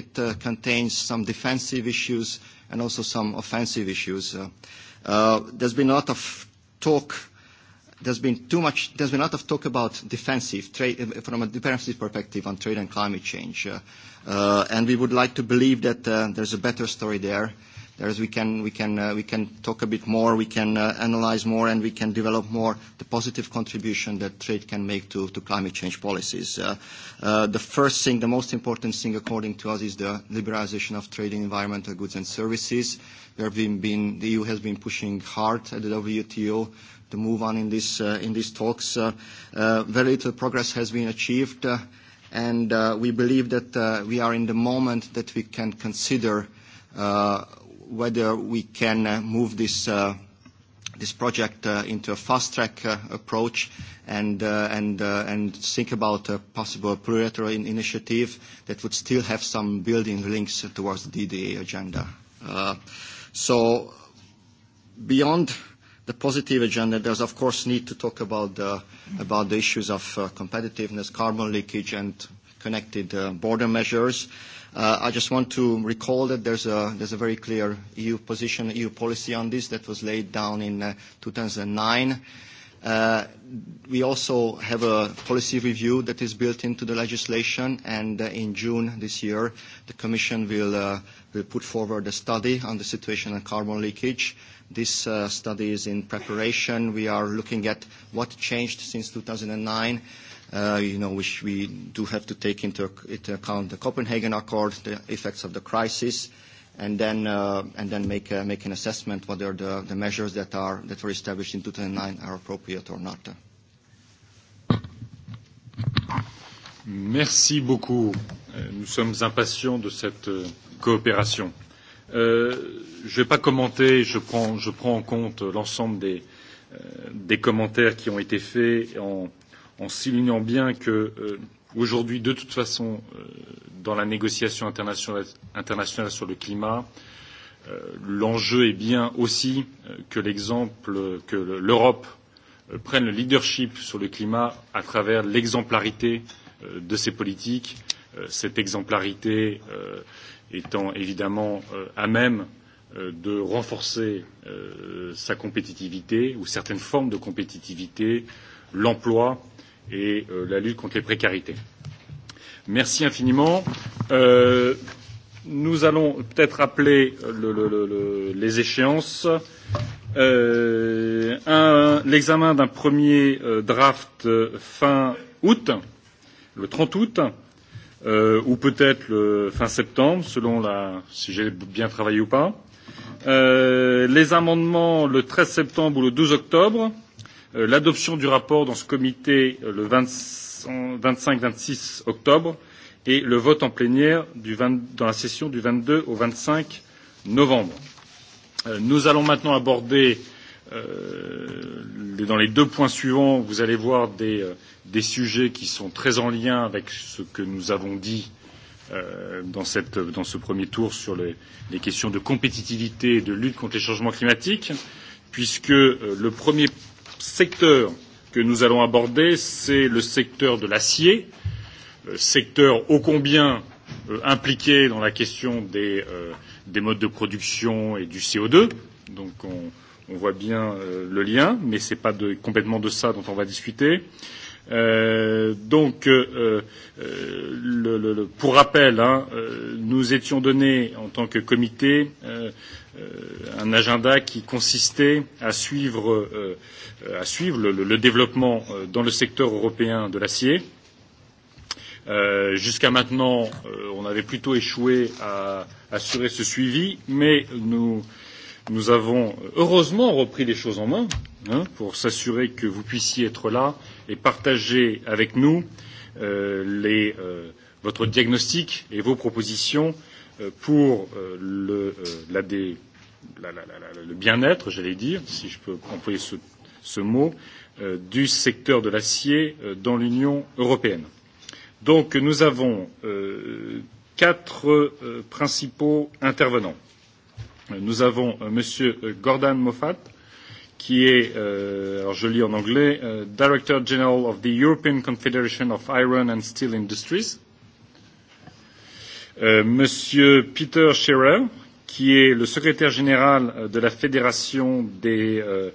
It uh, contains some defensive issues and also some offensive issues. Uh, uh, there's been a lot of talk there's been too much, there's been a lot of talk about defensive trade, from a defensive perspective on trade and climate change. Uh, uh, and we would like to believe that uh, there's a better story there is we can, we can, uh, we can talk a bit more, we can uh, analyze more, and we can develop more the positive contribution that trade can make to, climate change policies. the first thing, the most important thing according to us is the liberalization of trade in environmental goods and services. There have been, been, the EU has been pushing hard at the WTO to move on in, this, uh, in these talks. Uh, very little progress has been achieved. and uh, we believe that uh, we are in the moment that we can consider uh, whether we can move this uh, this project uh, into a fast-track uh, approach and, uh, and, uh, and think about a possible plurilateral initiative that would still have some building links towards the DDA agenda. so beyond the positive agenda, there's of course need to talk about the, issues of competitiveness, carbon leakage, and connected border measures. Uh, I just want to recall that there's a, there's a very clear EU position, EU policy on this that was laid down in uh, 2009. Uh, we also have a policy review that is built into the legislation, and uh, in June this year, the Commission will, uh, will put forward a study on the situation of carbon leakage. This uh, study is in preparation. We are looking at what changed since 2009 you know, which we do have to take into, account the Copenhagen Accord, the effects of the crisis, and then, uh, and then make, uh, make an assessment whether the, the measures that, are, that were established in 2009 are appropriate or not. Merci beaucoup. Nous sommes impatients de cette coopération. Euh, je ne vais pas commenter, je prends, je prends en compte l'ensemble des, des commentaires qui ont été faits en, en soulignant bien que aujourd'hui, de toute façon, dans la négociation internationale, sur le climat, l'enjeu est bien aussi que l'exemple que l'Europe prenne le leadership sur le climat à travers l'exemplarité de ses politiques, cette exemplarité étant évidemment à même de renforcer sa compétitivité ou certaines formes de compétitivité, l'emploi et la lutte contre les précarités. Merci infiniment. nous allons peut-être rappeler les échéances. L'examen d'un premier draft fin août, le 30 août, ou peut-être le fin septembre, selon la, si j'ai bien travaillé ou pas. les amendements le 13 septembre ou le 12 octobre l'adoption du rapport dans ce comité le vingt cinq vingt six octobre et le vote en plénière dans la session du vingt deux au vingt cinq novembre. Nous allons maintenant aborder dans les deux points suivants, vous allez voir des, des sujets qui sont très en lien avec ce que nous avons dit dans, cette, dans ce premier tour sur les, les questions de compétitivité et de lutte contre les changements climatiques, puisque le premier secteur que nous allons aborder, c'est le secteur de l'acier, secteur ô combien impliqué dans la question des, modes de production et du co deux, Donc on, voit bien le lien, mais ce n'est pas complètement de ça dont on va discuter donc, euh, euh, le, le, le, pour rappel, hein, euh, nous étions donnés en tant que comité euh, euh, un agenda qui consistait à suivre, euh, à suivre le, le, le développement euh, dans le secteur européen de l'acier. Euh, Jusqu'à maintenant, euh, on avait plutôt échoué à assurer ce suivi, mais nous euh, Nous avons heureusement repris les choses en main hein, pour s'assurer que vous puissiez être là et partager avec nous euh, les, euh, votre diagnostic et vos propositions euh, pour euh, le, euh, la, dé, la, la, la, le bien-être, j'allais dire, si je peux employer ce, ce mot, euh, du secteur de l'acier euh, dans l'Union européenne. Donc nous avons euh, quatre euh, principaux intervenants. Nous avons Monsieur Gordon Moffat, qui est, euh, alors je lis en anglais, euh, Director General of the European Confederation of Iron and Steel Industries. Euh, Monsieur Peter Scherer, qui est le secrétaire général de la Fédération des, euh,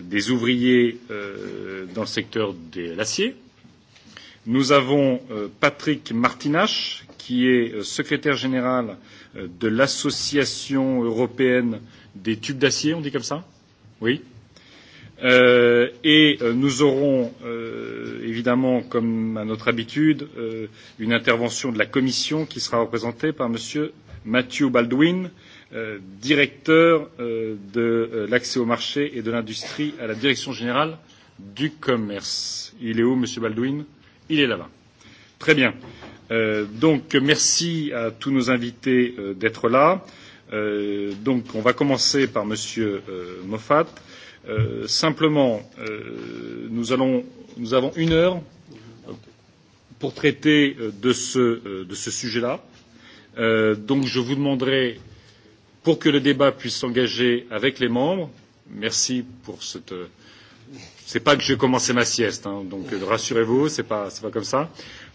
des ouvriers euh, dans le secteur de l'acier. Nous avons euh, Patrick Martinache, qui est euh, secrétaire général euh, de l'Association européenne des tubes d'acier, on dit comme ça Oui. Euh, et nous aurons euh, évidemment, comme à notre habitude, euh, une intervention de la Commission qui sera représentée par Monsieur Mathieu Baldwin, euh, directeur euh, de l'accès au marché et de l'industrie à la Direction générale du commerce. Il est où, Monsieur Baldwin Il est là-bas. Très bien. Euh, donc merci à tous nos invités d'être là. donc on va commencer par Monsieur Moffat. simplement, nous, allons, nous avons une heure pour traiter de ce, de ce sujet-là. donc je vous demanderai, pour que le débat puisse s'engager avec les membres, merci pour cette C'est pas que j'ai commencé ma sieste, hein, donc rassurez-vous, c'est pas, c'est pas comme ça.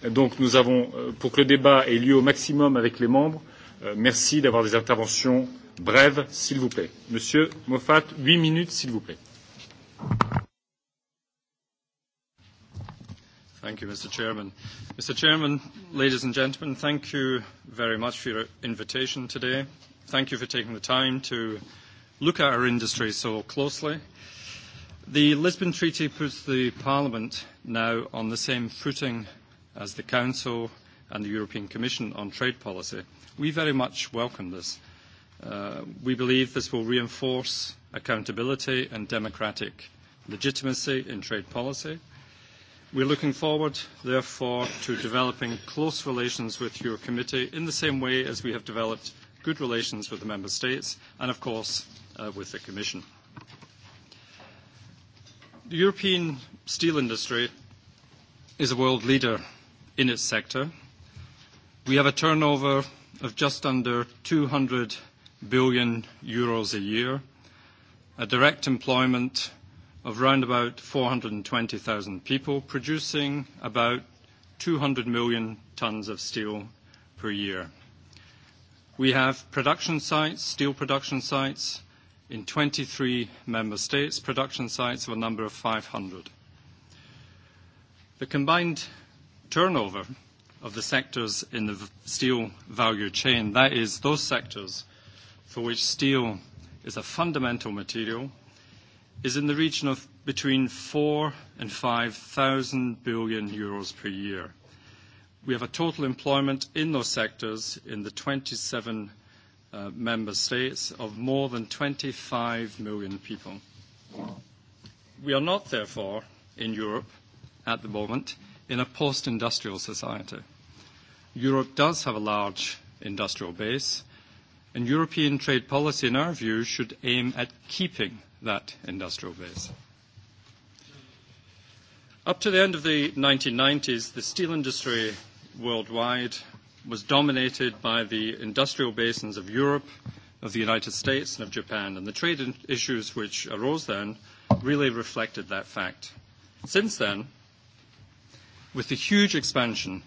Donc nous avons, pour que le débat ait lieu au maximum avec les membres, euh, merci d'avoir des interventions brèves, s'il vous plaît. Monsieur Moffat, huit minutes, s'il vous plaît. Thank you, Mr. Chairman. Mr. Chairman, ladies and gentlemen, thank you very much for your invitation today. Thank you for taking the time to look at our industry so closely. Uh, The Lisbon Treaty puts the Parliament now on the same footing as the Council and the European Commission on trade policy. We very much welcome this. we believe this will reinforce accountability and democratic legitimacy in trade policy. We are looking forward, therefore, to developing close relations with your committee in the same way as we have developed good relations with the Member States and, of course, with the Commission. The European steel industry is a world leader in its sector. We have a turnover of just under 200 billion euros a year, a direct employment of round about 420,000 people, producing about 200 million tons of steel per year. We have production sites, steel production sites, in 23 member states, production sites of a number of 500. The combined turnover of the sectors in the steel value chain, that is, those sectors for which steel is a fundamental material, is in the region of between 4 and 5,000 billion euros per year. We have a total employment in those sectors in the 27 member states of more than 25 million people. We are not, therefore, in Europe at the moment, in a post-industrial society. Europe does have a large industrial base, and European trade policy, in our view, should aim at keeping that industrial base. Up to the end of the 1990s, the steel industry worldwide was dominated by the industrial basins of Europe, of the United States, and of Japan, and the trade issues which arose then really reflected that fact. Since then, with the huge expansion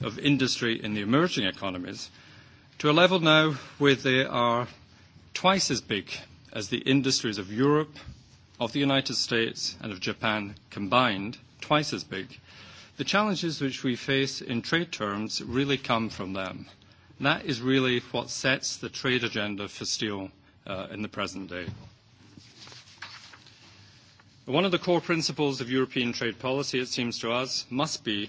of industry in the emerging economies to a level now where they are twice as big as the industries of Europe, of the United States, and of Japan combined, twice as big, The challenges which we face in trade terms really come from them. That is really what sets the trade agenda for steel in the present day. One of the core principles of European trade policy, it seems to us, must be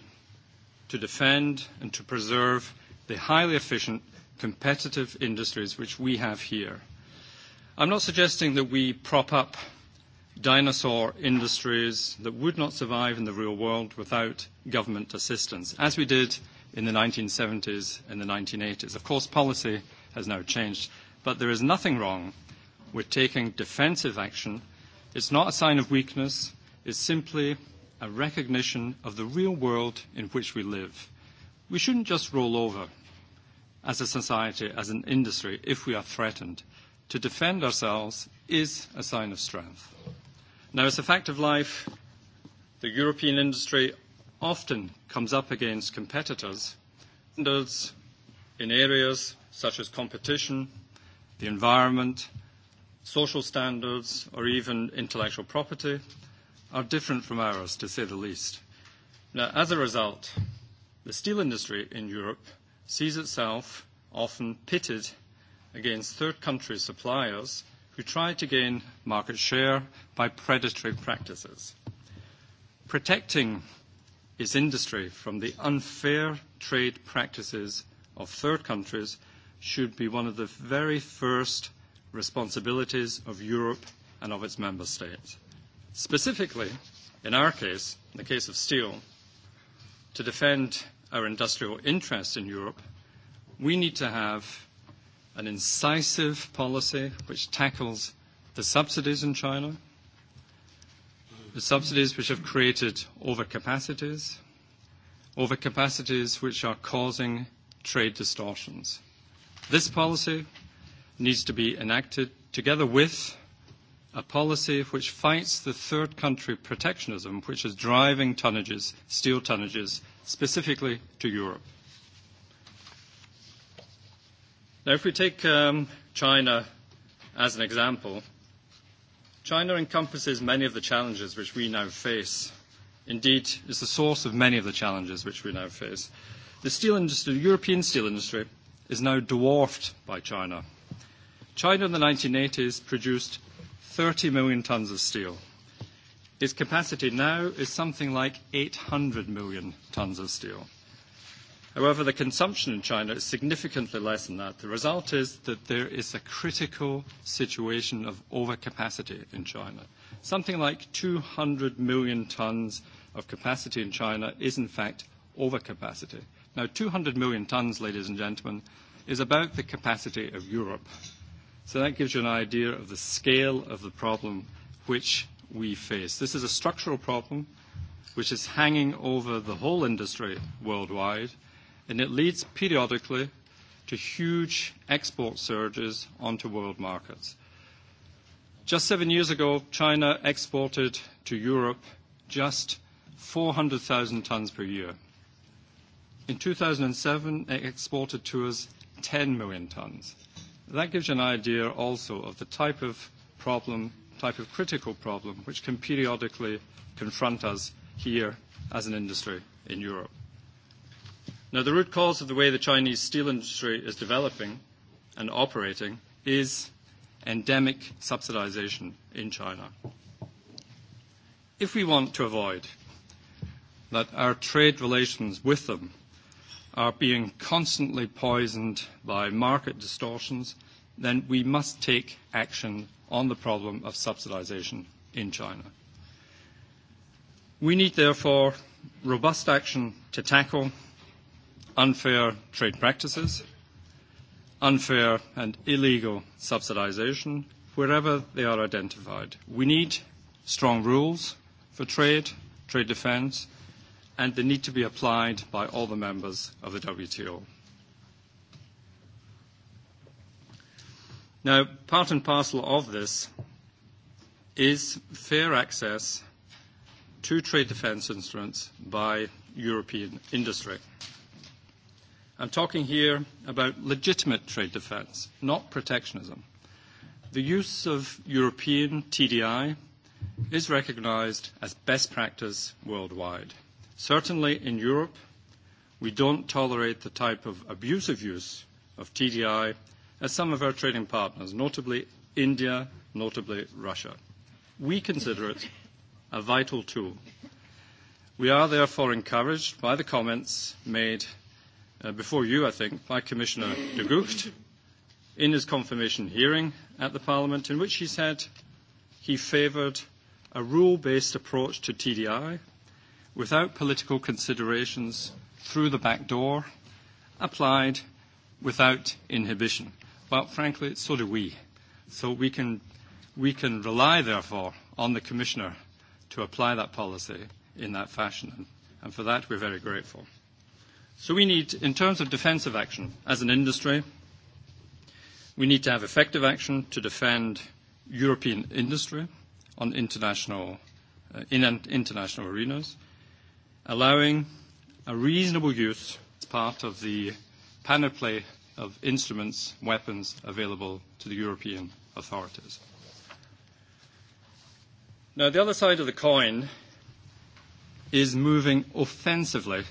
to defend and to preserve the highly efficient, competitive industries which we have here. I'm not suggesting that we prop up dinosaur industries that would not survive in the real world without government assistance, as we did in the 1970s and the 1980s. Of course, policy has now changed, but there is nothing wrong with taking defensive action. It's not a sign of weakness. It's simply a recognition of the real world in which we live. We shouldn't just roll over as a society, as an industry, if we are threatened. To defend ourselves is a sign of strength. Now, as a fact of life, the European industry often comes up against competitors standards in areas such as competition, the environment, social standards, or even intellectual property are different from ours, to say the least. Now, as a result, the steel industry in Europe sees itself often pitted against third country suppliers who try to gain market share by predatory practices. Protecting its industry from the unfair trade practices of third countries should be one of the very first responsibilities of Europe and of its member states. Specifically, in our case, in the case of steel, to defend our industrial interests in Europe, we need to have an incisive policy which tackles the subsidies in China, the subsidies which have created overcapacities, overcapacities which are causing trade distortions. This policy needs to be enacted together with a policy which fights the third country protectionism which is driving tonnages, steel tonnages, specifically to Europe. Now, if we take um, China as an example, China encompasses many of the challenges which we now face. Indeed, is the source of many of the challenges which we now face. The steel industry, the European steel industry, is now dwarfed by China. China in the 1980s produced 30 million tons of steel. Its capacity now is something like 800 million tons of steel. However, the consumption in China is significantly less than that. The result is that there is a critical situation of overcapacity in China. Something like 200 million tons of capacity in China is, in fact, overcapacity. Now, 200 million tons, ladies and gentlemen, is about the capacity of Europe. So that gives you an idea of the scale of the problem which we face. This is a structural problem which is hanging over the whole industry worldwide, and it leads periodically to huge export surges onto world markets. Just seven years ago, China exported to Europe just 400,000 tons per year. In 2007, it exported to us 10 million tons. That gives you an idea also of the type of problem, type of critical problem, which can periodically confront us here as an industry in Europe. Now, the root cause of the way the Chinese steel industry is developing and operating is endemic subsidization in China. If we want to avoid that our trade relations with them are being constantly poisoned by market distortions, then we must take action on the problem of subsidization in China. We need, therefore, robust action to tackle unfair trade practices, unfair and illegal subsidisation wherever they are identified. We need strong rules for trade, trade defence, and they need to be applied by all the members of the WTO. Now, part and parcel of this is fair access to trade defence instruments by European industry. I'm talking here about legitimate trade defence, not protectionism. The use of European TDI is recognised as best practice worldwide. Certainly in Europe, we don't tolerate the type of abusive use of TDI as some of our trading partners, notably India, notably Russia. We consider it a vital tool. We are therefore encouraged by the comments made before you, I think, by Commissioner de Gucht in his confirmation hearing at the Parliament, in which he said he favoured a rule-based approach to TDI without political considerations through the back door, applied without inhibition. Well, frankly, so do we. So we can, we can rely, therefore, on the Commissioner to apply that policy in that fashion. And for that, we're very grateful. So we need, in terms of defensive action as an industry, we need to have effective action to defend European industry on international, uh, in international arenas, allowing a reasonable use as part of the panoply of instruments, weapons available to the European authorities. Now, the other side of the coin is moving offensively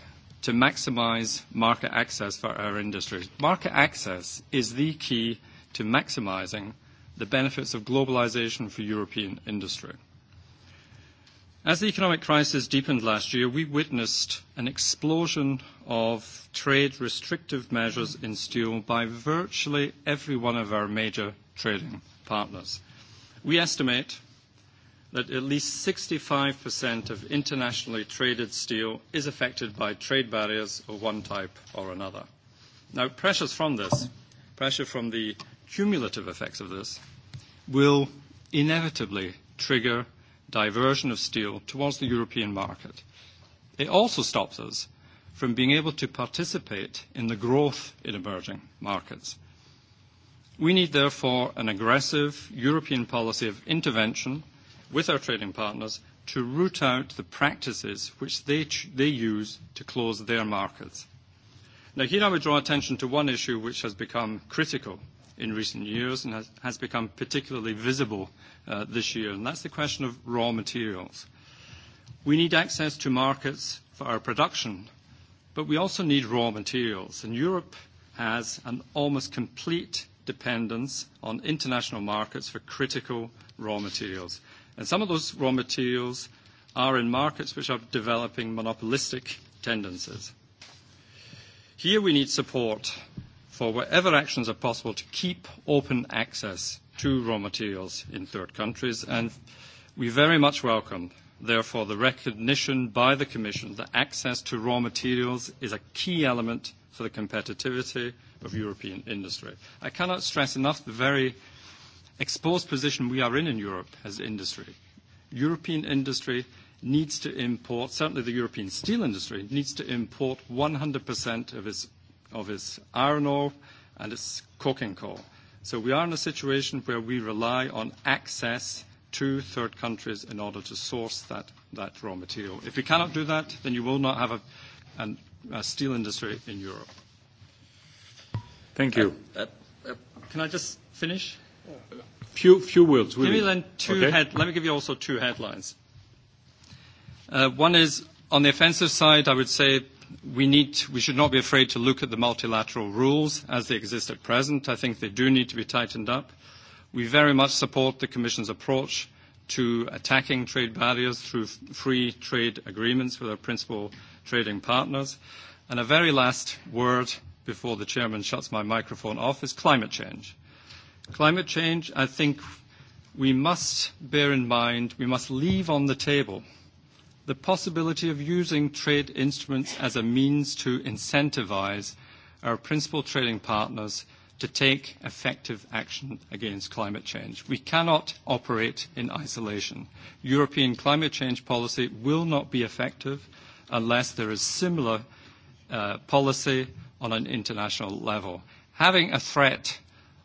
to maximize market access for our industry. Market access is the key to maximizing the benefits of globalization for European industry. As the economic crisis deepened last year, we witnessed an explosion of trade restrictive measures in steel by virtually every one of our major trading partners. We estimate that at least 65% of internationally traded steel is affected by trade barriers of one type or another. Now, pressures from this, pressure from the cumulative effects of this, will inevitably trigger diversion of steel towards the European market. It also stops us from being able to participate in the growth in emerging markets. We need, therefore, an aggressive European policy of intervention with our trading partners to root out the practices which they, they use to close their markets. Now, here I would draw attention to one issue which has become critical in recent years and has, has become particularly visible uh, this year, and that's the question of raw materials. We need access to markets for our production, but we also need raw materials, and Europe has an almost complete dependence on international markets for critical raw materials. And some of those raw materials are in markets which are developing monopolistic tendencies. Here we need support for whatever actions are possible to keep open access to raw materials in third countries, and we very much welcome, therefore, the recognition by the Commission that access to raw materials is a key element for the competitivity of European industry. I cannot stress enough the very exposed position we are in in Europe as industry. European industry needs to import, certainly the European steel industry, needs to import 100% of its, of its iron ore and its coking coal. So we are in a situation where we rely on access to third countries in order to source that, that raw material. If we cannot do that, then you will not have a, an, a steel industry in Europe. Thank you. Uh, uh, uh, can I just finish? Few, few words, really. Give me then two okay. head, let me give you also two headlines. Uh, one is on the offensive side, I would say we need, we should not be afraid to look at the multilateral rules as they exist at present. I think they do need to be tightened up. We very much support the Commission's approach to attacking trade barriers through free trade agreements with our principal trading partners. And a very last word before the chairman shuts my microphone off is climate change. Climate change, I think we must bear in mind, we must leave on the table the possibility of using trade instruments as a means to incentivize our principal trading partners to take effective action against climate change. We cannot operate in isolation. European climate change policy will not be effective unless there is similar uh, policy on an international level. Having a threat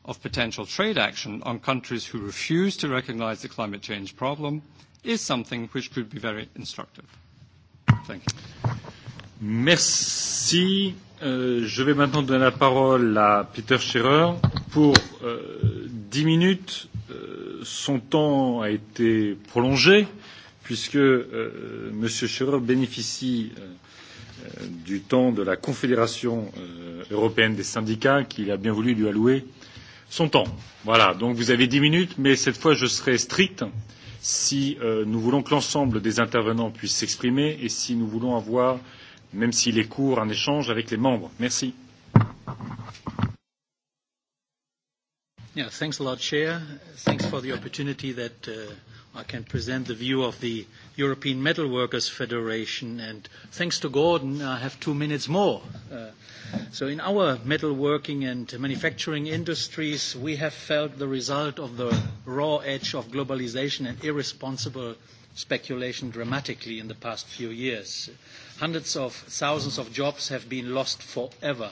of potential trade action on countries who refuse to recognise the climate change problem is something which could be very instructive. Thank you. Merci. je vais maintenant donner la parole à Peter Scherer. Pour dix minutes, son temps a été prolongé puisque Monsieur Scherer bénéficie du temps de la Confédération européenne des syndicats qu'il a bien voulu lui allouer son temps. Voilà, donc vous avez dix minutes, mais cette fois je serai strict si euh, nous voulons que l'ensemble des intervenants puissent s'exprimer et si nous voulons avoir, même s'il est court, un échange avec les membres. Merci. Yeah, thanks a lot, Chair. Thanks for the opportunity that uh, I can present the view of the European Metal Workers Federation. And thanks to Gordon, I have two minutes more. so, in our metalworking and manufacturing industries, we have felt the result of the raw edge of globalization and irresponsible speculation dramatically in the past few years. Hundreds of thousands of jobs have been lost forever.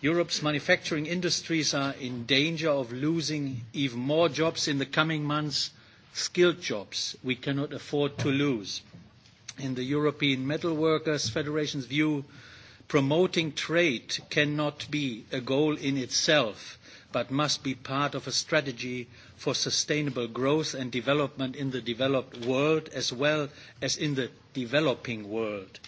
Europe's manufacturing industries are in danger of losing even more jobs in the coming months skilled jobs we cannot afford to lose. In the European Metal Workers Federation's view, promoting trade cannot be a goal in itself, but must be part of a strategy for sustainable growth and development in the developed world as well as in the developing world.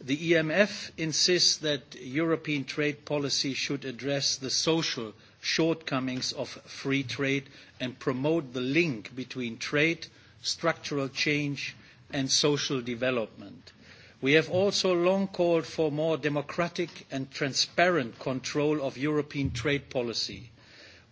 The EMF insists that European trade policy should address the social shortcomings of free trade and promote the link between trade, structural change and social development. We have also long called for more democratic and transparent control of European trade policy.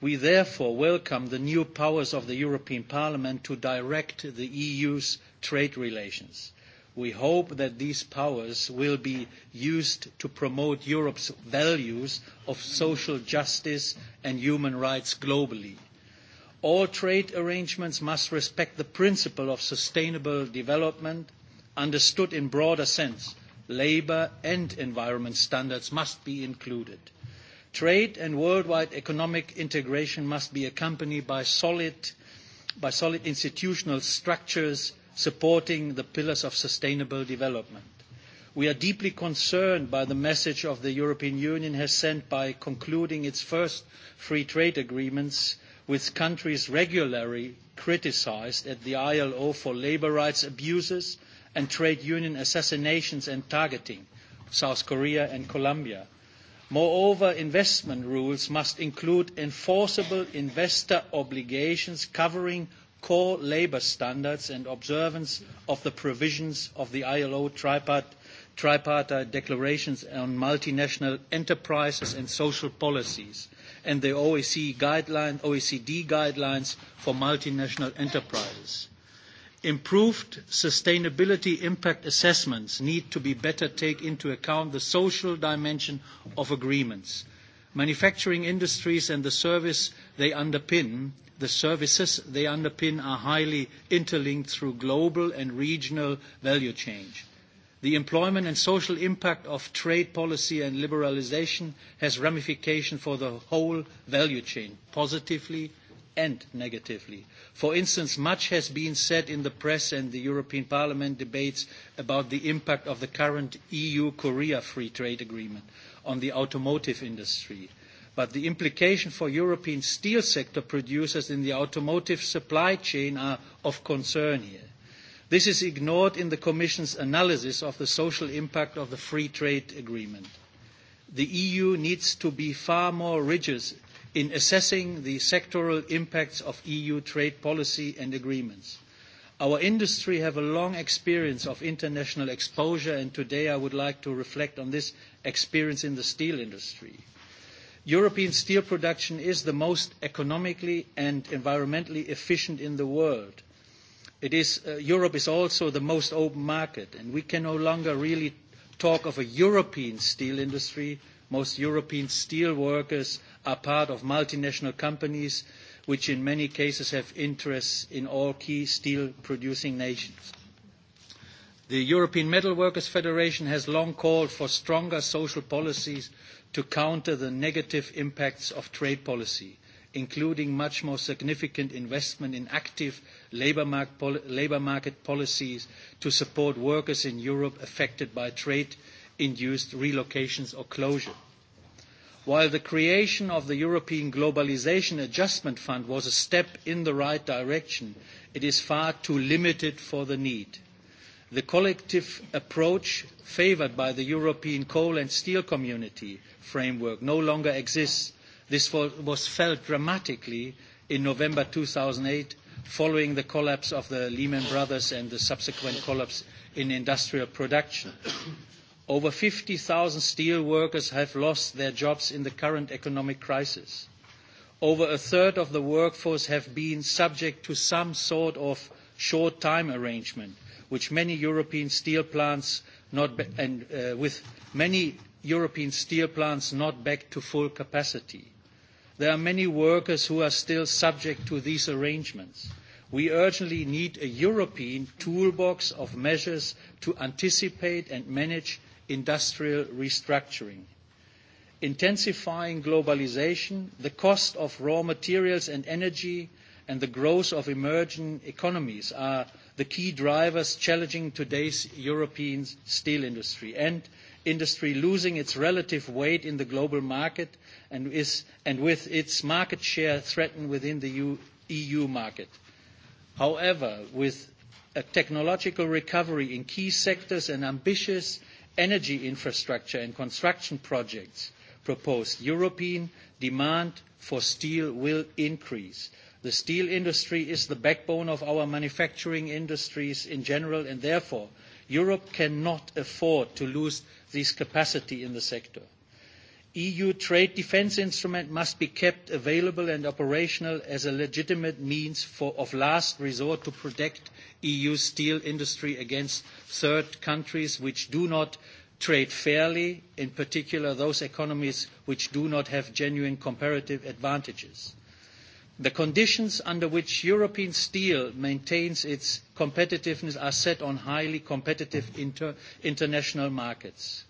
We therefore welcome the new powers of the European Parliament to direct the EU's trade relations. We hope that these powers will be used to promote Europe's values of social justice and human rights globally. All trade arrangements must respect the principle of sustainable development, understood in broader sense. Labour and environment standards must be included. Trade and worldwide economic integration must be accompanied by solid, institutional structures supporting the pillars of sustainable development. We are deeply concerned by the message of the European Union has sent by concluding its first free trade agreements with countries regularly criticised at the ILO for labour rights abuses and trade union assassinations and targeting, South Korea and Colombia. Moreover, investment rules must include enforceable investor obligations covering core labour standards and observance of the provisions of the ILO tripartite declarations on multinational enterprises and social policies and the OECD, guidelines for multinational enterprises. Improved sustainability impact assessments need to be better take into account the social dimension of agreements Manufacturing industries and the service they underpin, the services they underpin are highly interlinked through global and regional value change. The employment and social impact of trade policy and liberalisation has ramifications for the whole value chain, positively and negatively. For instance, much has been said in the press and the European Parliament debates about the impact of the current EU-Korea Free Trade Agreement on the automotive industry. But the implication for European steel sector producers in the automotive supply chain are of concern here. This is ignored in the Commission's analysis of the social impact of the free trade agreement. The EU needs to be far more rigorous in assessing the sectoral impacts of EU trade policy and agreements. Our industry have a long experience of international exposure, and today I would like to reflect on this experience in the steel industry. European steel production is the most economically and environmentally efficient in the world. Europe is also the most open market, and we can no longer really talk of a European steel industry. Most European steel workers are part of multinational companies which in many cases have interests in all key steel-producing nations. The European Metal Workers Federation has long called for stronger social policies to counter the negative impacts of trade policy, including much more significant investment in active labour market policies to support workers in Europe affected by trade-induced relocations or closure. While the creation of the European Globalisation Adjustment Fund was a step in the right direction, it is far too limited for the need. The collective approach favoured by the European Coal and Steel Community framework no longer exists. This was felt dramatically in November two thousand eight following the collapse of the Lehman Brothers and the subsequent collapse in industrial production. Over 50,000 steel workers have lost their jobs in the current economic crisis. Over a third of the workforce have been subject to some sort of short-time arrangement, which many European steel plants not and with many European steel plants not back to full capacity. There are many workers who are still subject to these arrangements. We urgently need a European toolbox of measures to anticipate and manage industrial restructuring. Intensifying globalisation, the cost of raw materials and energy, and the growth of emerging economies are the key drivers challenging today's European steel industry. And industry losing its relative weight in the global market and, with its market share threatened within the EU market. However, with a technological recovery in key sectors and ambitious energy infrastructure and construction projects proposed, European demand for steel will increase. The steel industry is the backbone of our manufacturing industries in general, and therefore, Europe cannot afford to lose this capacity in the sector. EU trade defence instrument must be kept available and operational as a legitimate means of last resort to protect EU steel industry against third countries which do not trade fairly, in particular those economies which do not have genuine comparative advantages. The conditions under which European steel maintains its competitiveness are set on highly competitive international markets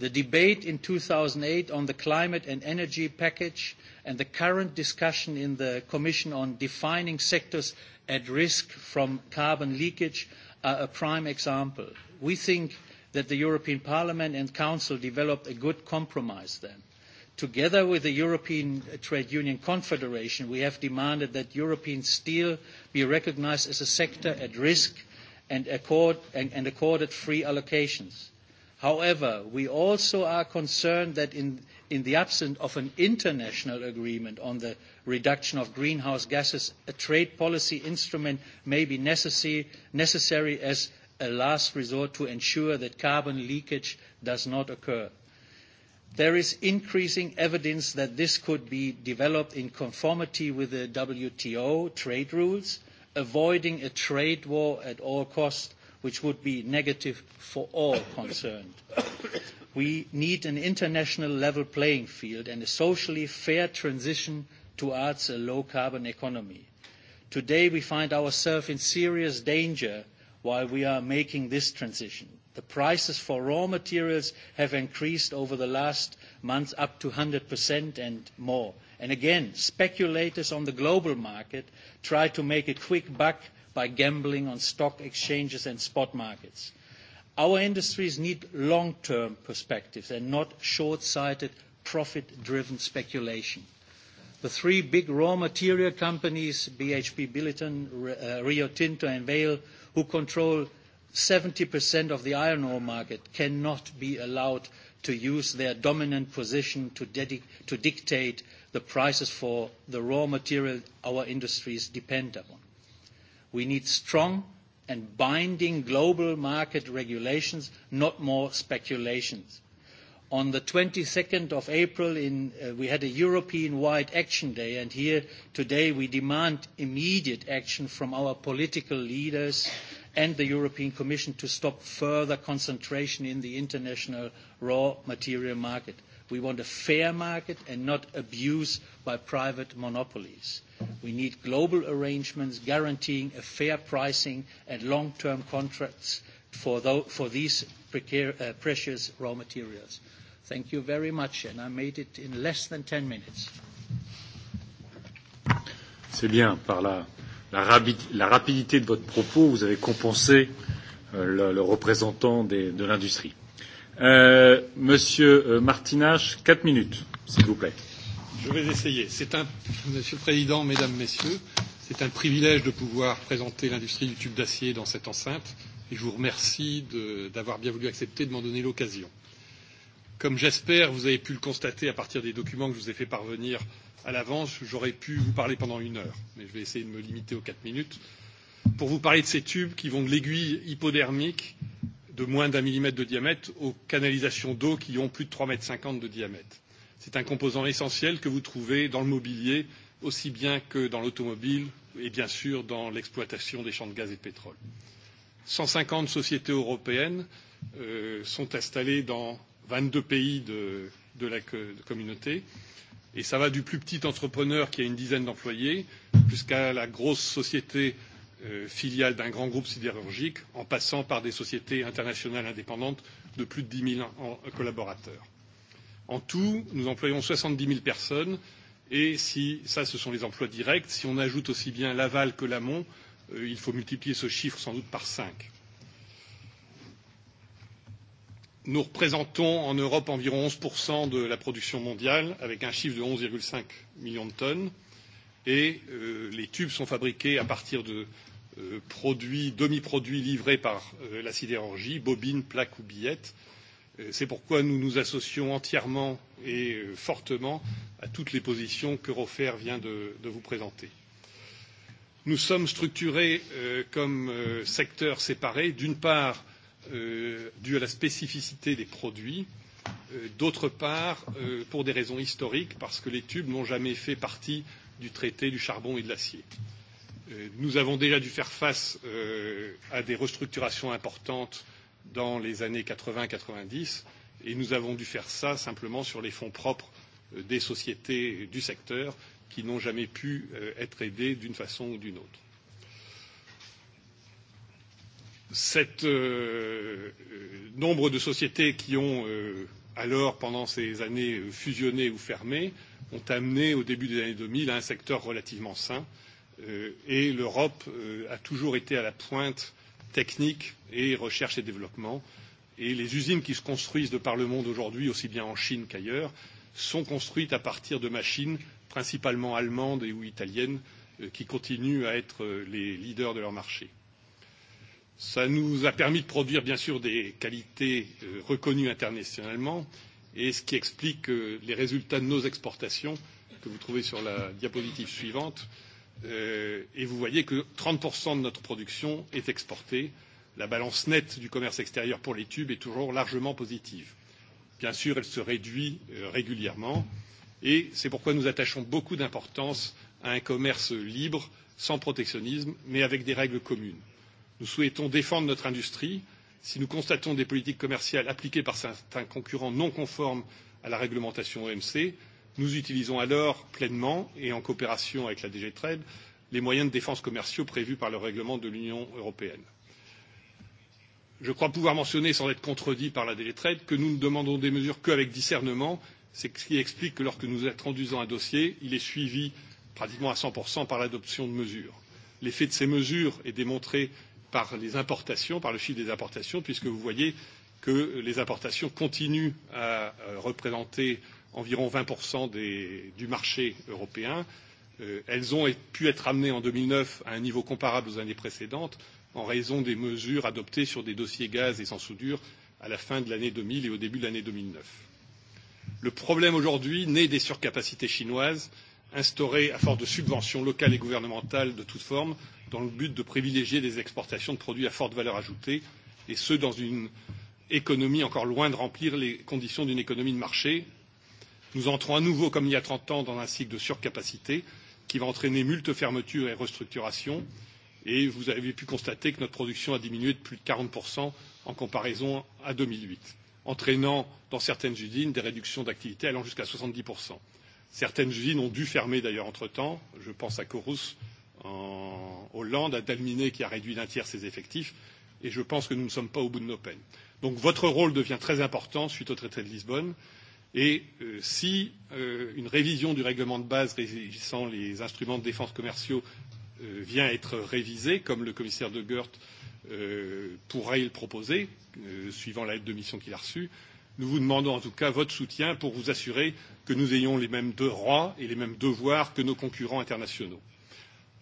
The debate in two thousand eight on the climate and energy package and the current discussion in the Commission on defining sectors at risk from carbon leakage are a prime example. We think that the European Parliament and Council developed a good compromise then. Together with the European Trade Union Confederation, we have demanded that European steel be recognised as a sector at risk and accorded free allocations. However, we also are concerned that in, in the absence of an international agreement on the reduction of greenhouse gases, a trade policy instrument may be necessary, necessary as a last resort to ensure that carbon leakage does not occur. There is increasing evidence that this could be developed in conformity with the WTO trade rules, avoiding a trade war at all costs which would be negative for all concerned. We need an international level playing field and a socially fair transition towards a low carbon economy. Today we find ourselves in serious danger while we are making this transition. The prices for raw materials have increased over the last months up to 100% and more. And again, speculators on the global market try to make a quick buck by gambling on stock exchanges and spot markets. Our industries need long-term perspectives and not short-sighted, profit-driven speculation. The three big raw material companies, BHP Billiton, Rio Tinto, and Vale, who control 70% of the iron ore market, cannot be allowed to use their dominant position to dictate the prices for the raw material our industries depend upon. We need strong and binding global market regulations, not more speculations. On the 22nd of April, in, uh, we had a European-wide action day, and here today we demand immediate action from our political leaders and the European Commission to stop further concentration in the international raw material market. We want a fair market and not abuse by private monopolies. We need global arrangements guaranteeing a fair pricing and long-term contracts for these precious raw materials. Thank you very much, and I made it in less than 10 minutes. C'est bien. Par la rapidité de votre propos, vous avez compensé le représentant de l'industrie monsieur Martinage, quatre minutes, s'il vous plaît. Je vais essayer. C'est un, Monsieur le Président, Mesdames, Messieurs, c'est un privilège de pouvoir présenter l'industrie du tube d'acier dans cette enceinte et je vous remercie d'avoir bien voulu accepter de m'en donner l'occasion. Comme j'espère, vous avez pu le constater à partir des documents que je vous ai fait parvenir à l'avance, j'aurais pu vous parler pendant une heure, mais je vais essayer de me limiter aux quatre minutes pour vous parler de ces tubes qui vont de l'aiguille hypodermique de moins d'un millimètre de diamètre aux canalisations d'eau qui ont plus de 3,50 mètres de diamètre. C'est un composant essentiel que vous trouvez dans le mobilier aussi bien que dans l'automobile et bien sûr dans l'exploitation des champs de gaz et de pétrole. 150 sociétés européennes euh, sont installées dans 22 pays de, de la de communauté et ça va du plus petit entrepreneur qui a une dizaine d'employés jusqu'à la grosse société euh, filiales d'un grand groupe sidérurgique en passant par des sociétés internationales indépendantes de plus de 10 000 collaborateurs. En tout, nous employons 70 000 personnes et si ça, ce sont les emplois directs, si on ajoute aussi bien l'aval que l'amont, il faut multiplier ce chiffre sans doute par cinq. Nous représentons en Europe environ 11% de la production mondiale, avec un chiffre de 11,5 millions de tonnes. Et les tubes sont fabriqués à partir de produits, demi-produits livrés par la sidérurgie, bobines, plaques ou billettes. C'est pourquoi nous nous associons entièrement et fortement à toutes les positions qu'Eurofer vient de, vous présenter. Nous sommes structurés comme secteurs séparés, d'une part dû à la spécificité des produits, d'autre part pour des raisons historiques, parce que les tubes n'ont jamais fait partie du traité du charbon et de l'acier. Euh, Nous avons déjà dû faire face à des restructurations importantes dans les années 80-90 et nous avons dû faire ça simplement sur les fonds propres des sociétés du secteur qui n'ont jamais pu être aidées d'une façon ou d'une autre. Cet euh, nombre de sociétés qui ont euh, alors, pendant ces années, fusionné ou fermé, ont amené au début des années 2000 à un secteur relativement sain euh, et l'Europe a toujours été à la pointe technique et recherche et développement. Et les usines qui se construisent de par le monde aujourd'hui, aussi bien en Chine qu'ailleurs, sont construites à partir de machines principalement allemandes et ou italiennes qui continuent à être les leaders de leur marché. Ça nous a permis de produire bien sûr des qualités reconnues internationalement et ce qui explique les résultats de nos exportations que vous trouvez sur la diapositive suivante euh, et vous voyez que 30% de notre production est exportée. La balance nette du commerce extérieur pour les tubes est toujours largement positive. Bien sûr, elle se réduit régulièrement et c'est pourquoi nous attachons beaucoup d'importance à un commerce libre, sans protectionnisme, mais avec des règles communes. Nous souhaitons défendre notre industrie. Si nous constatons des politiques commerciales appliquées par certains concurrents non conformes à la réglementation OMC, Nous utilisons alors pleinement et en coopération avec la DG Trade les moyens de défense commerciaux prévus par le règlement de l'Union européenne. Je crois pouvoir mentionner, sans être contredit par la DG Trade, que nous ne demandons des mesures qu'avec discernement. ce qui explique que lorsque nous introduisons un dossier, il est suivi pratiquement à 100% par l'adoption de mesures. L'effet de ces mesures est démontré par les importations, par le chiffre des importations, puisque vous voyez que les importations continuent à représenter euh, environ 20% des, du marché européen. Euh, elles ont pu être amenées en 2009 à un niveau comparable aux années précédentes en raison des mesures adoptées sur des dossiers gaz et sans soudure à la fin de l'année 2000 et au début de l'année 2009. Le problème aujourd'hui naît des surcapacités chinoises instaurées à force de subventions locales et gouvernementales de toutes formes dans le but de privilégier des exportations de produits à forte valeur ajoutée et ce dans une économie encore loin de remplir les conditions d'une économie de marché Nous entrons à nouveau, comme il y a 30 ans, dans un cycle de surcapacité qui va entraîner multes fermetures et restructurations. Et vous avez pu constater que notre production a diminué de plus de 40% en comparaison à 2008, entraînant dans certaines usines des réductions d'activité allant jusqu'à 70%. Certaines usines ont dû fermer d'ailleurs entre-temps. Je pense à Corus en Hollande, à Dalminé qui a réduit d'un tiers ses effectifs. Et je pense que nous ne sommes pas au bout de nos peines. Donc votre rôle devient très important suite au traité de Lisbonne. Et euh, si euh, une révision du règlement de base régissant les instruments de défense commerciaux euh, vient être révisée, comme le commissaire de Goert euh, pourrait le proposer, euh, suivant la lettre de mission qu'il a reçue, nous vous demandons en tout cas votre soutien pour vous assurer que nous ayons les mêmes droits et les mêmes devoirs que nos concurrents internationaux.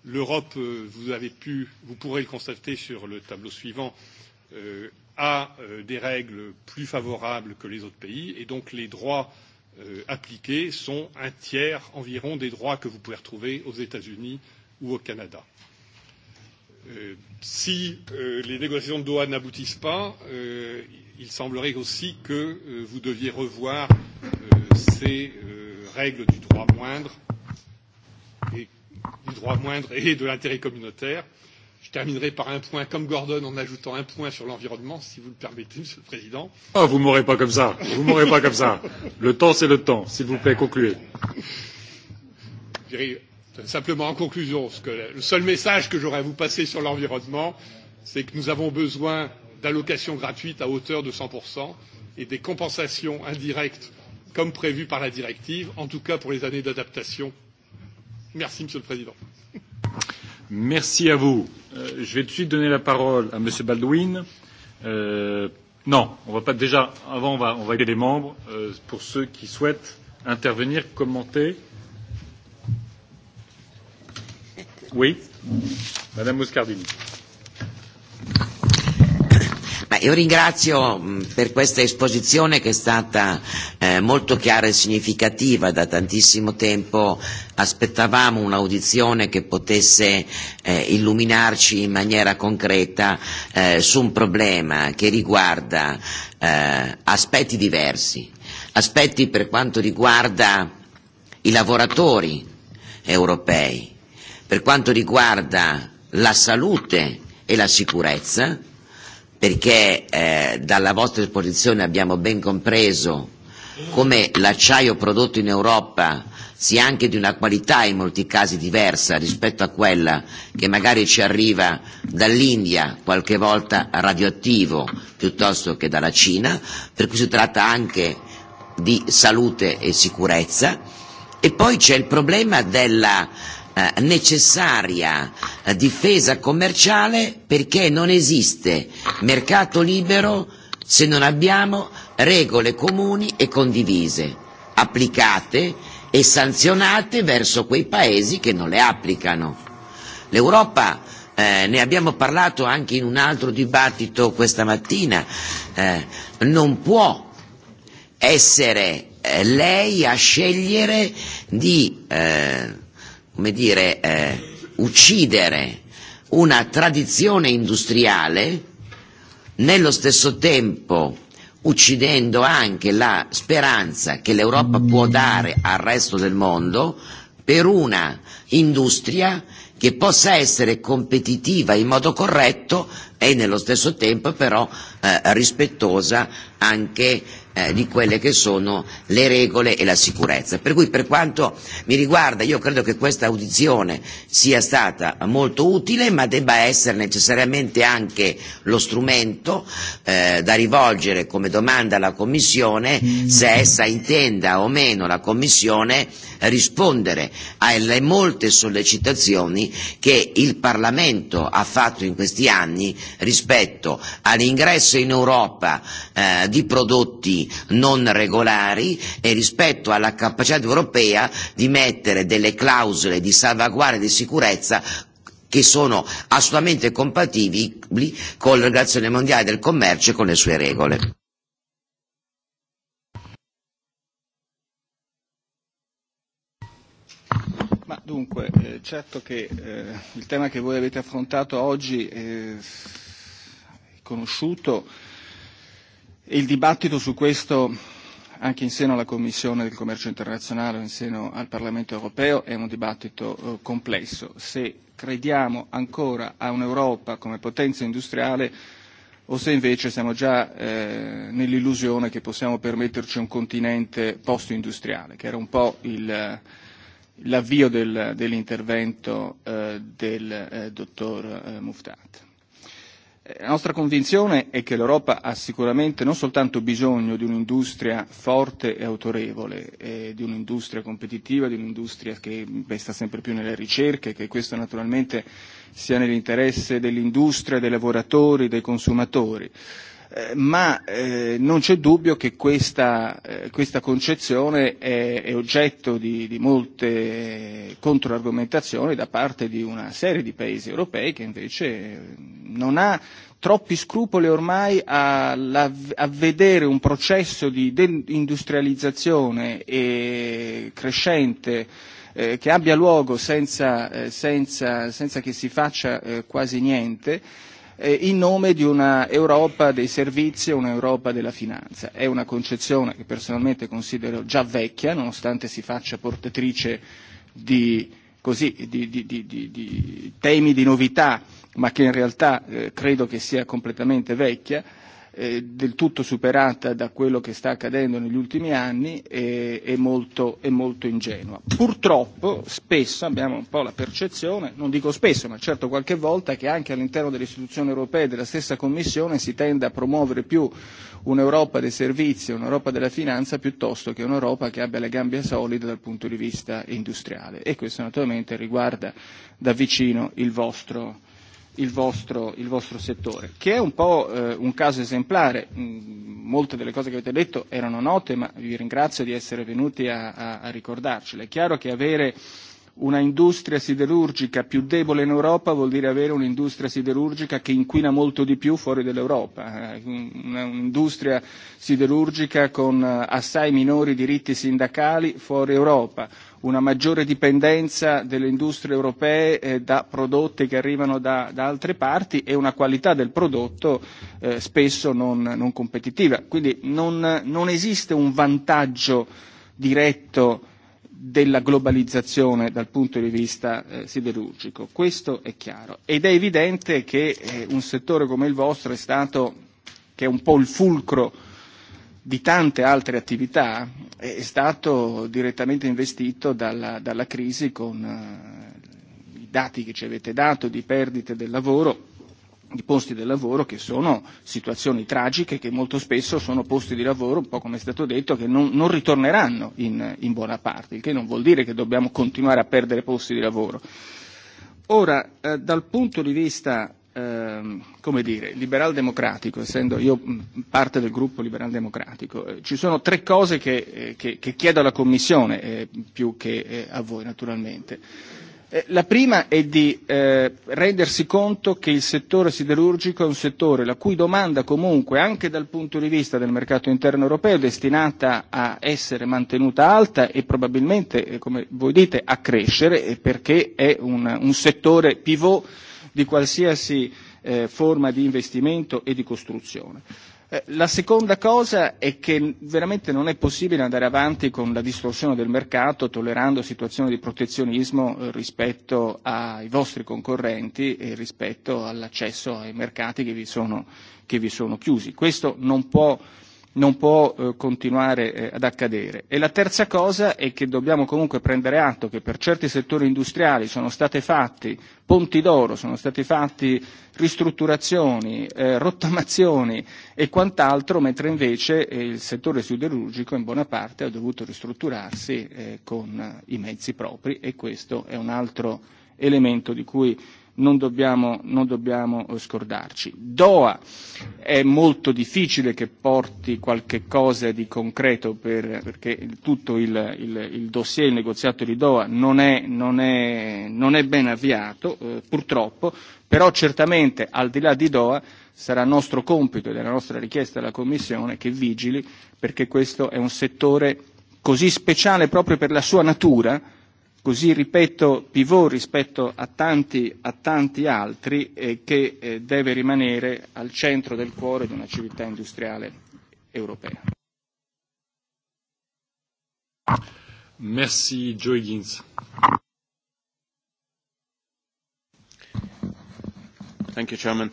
L'Europe, vous avez pu, vous pourrez le constater sur le tableau suivant, a des règles plus favorables que les autres pays et donc les droits appliqués sont un tiers environ des droits que vous pouvez retrouver aux États-Unis ou au Canada. si les négociations de Doha n'aboutissent pas, il semblerait aussi que vous deviez revoir ces règles du droit moindre et de l'intérêt communautaire terminerai par un point, comme Gordon, en ajoutant un point sur l'environnement, si vous le permettez, Monsieur le Président. Ah, vous m'aurez pas comme ça. Vous m'aurez pas comme ça. Le temps, c'est le temps. S'il vous plaît, concluez. Je dirais simplement en conclusion, ce que, le seul message que j'aurais à vous passer sur l'environnement, c'est que nous avons besoin d'allocations gratuites à hauteur de 100% et des compensations indirectes comme prévu par la directive, en tout cas pour les années d'adaptation. Merci, Monsieur le Président. Merci à vous. je vais tout de suite donner la parole à M. Baldwin. non, on va pas déjà avant on va on va aider les membres pour ceux qui souhaitent intervenir, commenter. Oui, Madame Moscardini io ringrazio per questa esposizione che è stata eh, molto chiara e significativa. Da tantissimo tempo aspettavamo un'audizione che potesse eh, illuminarci in maniera concreta eh, su un problema che riguarda eh, aspetti diversi, aspetti per quanto riguarda i lavoratori europei, per quanto riguarda la salute e la sicurezza, perché eh, dalla vostra esposizione abbiamo ben compreso come l'acciaio prodotto in Europa sia anche di una qualità in molti casi diversa rispetto a quella che magari ci arriva dall'India, qualche volta radioattivo, piuttosto che dalla Cina, per cui si tratta anche di salute e sicurezza. E poi c'è il problema della necessaria difesa commerciale perché non esiste mercato libero se non abbiamo regole comuni e condivise, applicate e sanzionate verso quei paesi che non le applicano. L'Europa eh, ne abbiamo parlato anche in un altro dibattito questa mattina, eh, non può essere eh, lei a scegliere di eh, come dire, eh, uccidere una tradizione industriale, nello stesso tempo uccidendo anche la speranza che l'Europa può dare al resto del mondo per una industria che possa essere competitiva in modo corretto e nello stesso tempo però eh, rispettosa anche eh, di quelle che sono le regole e la sicurezza. Per cui per quanto mi riguarda io credo che questa audizione sia stata molto utile ma debba essere necessariamente anche lo strumento eh, da rivolgere come domanda alla Commissione se essa intenda o meno la Commissione rispondere alle molte sollecitazioni che il Parlamento ha fatto in questi anni rispetto all'ingresso ingresso in Europa eh, di prodotti non regolari e rispetto alla capacità europea di mettere delle clausole di salvaguardia e di sicurezza che sono assolutamente compatibili con l'Organizzazione Mondiale del Commercio e con le sue regole. Ma dunque, eh, certo che eh, il tema che voi avete affrontato oggi eh, conosciuto e il dibattito su questo anche in seno alla Commissione del Commercio Internazionale o in seno al Parlamento Europeo è un dibattito complesso. Se crediamo ancora a un'Europa come potenza industriale o se invece siamo già eh, nell'illusione che possiamo permetterci un continente post-industriale, che era un po' il, l'avvio del, dell'intervento eh, del eh, dottor eh, Muftat. La nostra convinzione è che l'Europa ha sicuramente non soltanto bisogno di un'industria forte e autorevole, eh, di un'industria competitiva, di un'industria che investa sempre più nelle ricerche, che questo naturalmente sia nell'interesse dell'industria, dei lavoratori, dei consumatori, ma eh, non c'è dubbio che questa, eh, questa concezione è, è oggetto di, di molte controargomentazioni da parte di una serie di paesi europei che invece non ha troppi scrupoli ormai a, a vedere un processo di deindustrializzazione e crescente eh, che abbia luogo senza, eh, senza, senza che si faccia eh, quasi niente eh, in nome di una Europa dei servizi e un'Europa della finanza. È una concezione che personalmente considero già vecchia, nonostante si faccia portatrice di, così, di, di, di, di, di temi di novità, ma che in realtà eh, credo che sia completamente vecchia eh, del tutto superata da quello che sta accadendo negli ultimi anni e, è, molto, è molto ingenua. Purtroppo spesso abbiamo un po' la percezione, non dico spesso, ma certo qualche volta, che anche all'interno delle istituzioni europee e della stessa Commissione si tende a promuovere più un'Europa dei servizi, un'Europa della finanza, piuttosto che un'Europa che abbia le gambe solide dal punto di vista industriale. E questo naturalmente riguarda da vicino il vostro il vostro, il vostro settore, che è un po' eh, un caso esemplare. Molte delle cose che avete detto erano note, ma vi ringrazio di essere venuti a, a, a ricordarcele. È chiaro che avere una industria siderurgica più debole in Europa vuol dire avere un'industria siderurgica che inquina molto di più fuori dall'Europa, un'industria siderurgica con assai minori diritti sindacali fuori Europa, una maggiore dipendenza delle industrie europee eh, da prodotti che arrivano da, da altre parti e una qualità del prodotto eh, spesso non, non competitiva. Quindi non, non esiste un vantaggio diretto della globalizzazione dal punto di vista eh, siderurgico, questo è chiaro. Ed è evidente che eh, un settore come il vostro è stato, che è un po' il fulcro di tante altre attività è stato direttamente investito dalla, dalla crisi con i dati che ci avete dato di perdite del lavoro di posti del lavoro che sono situazioni tragiche, che molto spesso sono posti di lavoro, un po' come è stato detto, che non, non ritorneranno in, in buona parte, il che non vuol dire che dobbiamo continuare a perdere posti di lavoro. Ora, eh, dal punto di vista come dire, liberal democratico, essendo io parte del gruppo liberal democratico, ci sono tre cose che, che, che chiedo alla Commissione, eh, più che eh, a voi naturalmente. la prima è di eh, rendersi conto che il settore siderurgico è un settore la cui domanda comunque, anche dal punto di vista del mercato interno europeo, è destinata a essere mantenuta alta e probabilmente, come voi dite, a crescere, perché è un, un settore pivot di qualsiasi eh, forma di investimento e di costruzione. La seconda cosa è che veramente non è possibile andare avanti con la distorsione del mercato tollerando situazioni di protezionismo rispetto ai vostri concorrenti e rispetto all'accesso ai mercati che vi sono, che vi sono chiusi. Questo non può non può eh, continuare eh, ad accadere. E la terza cosa è che dobbiamo comunque prendere atto che per certi settori industriali sono state fatti ponti d'oro, sono stati fatti ristrutturazioni, eh, rottamazioni e quant'altro, mentre invece eh, il settore siderurgico in buona parte ha dovuto ristrutturarsi eh, con i mezzi propri e questo è un altro elemento di cui non dobbiamo, non dobbiamo scordarci. Doha è molto difficile che porti qualche cosa di concreto per, perché tutto il, il, il dossier, il negoziato di Doha non è, non è, non è ben avviato, eh, purtroppo, però certamente al di là di Doha sarà nostro compito e della nostra richiesta alla Commissione che vigili perché questo è un settore così speciale proprio per la sua natura così ripeto pivot rispetto a tanti, a tanti altri e che eh, deve rimanere al centro del cuore di una civiltà industriale europea. Merci Thank you, Chairman.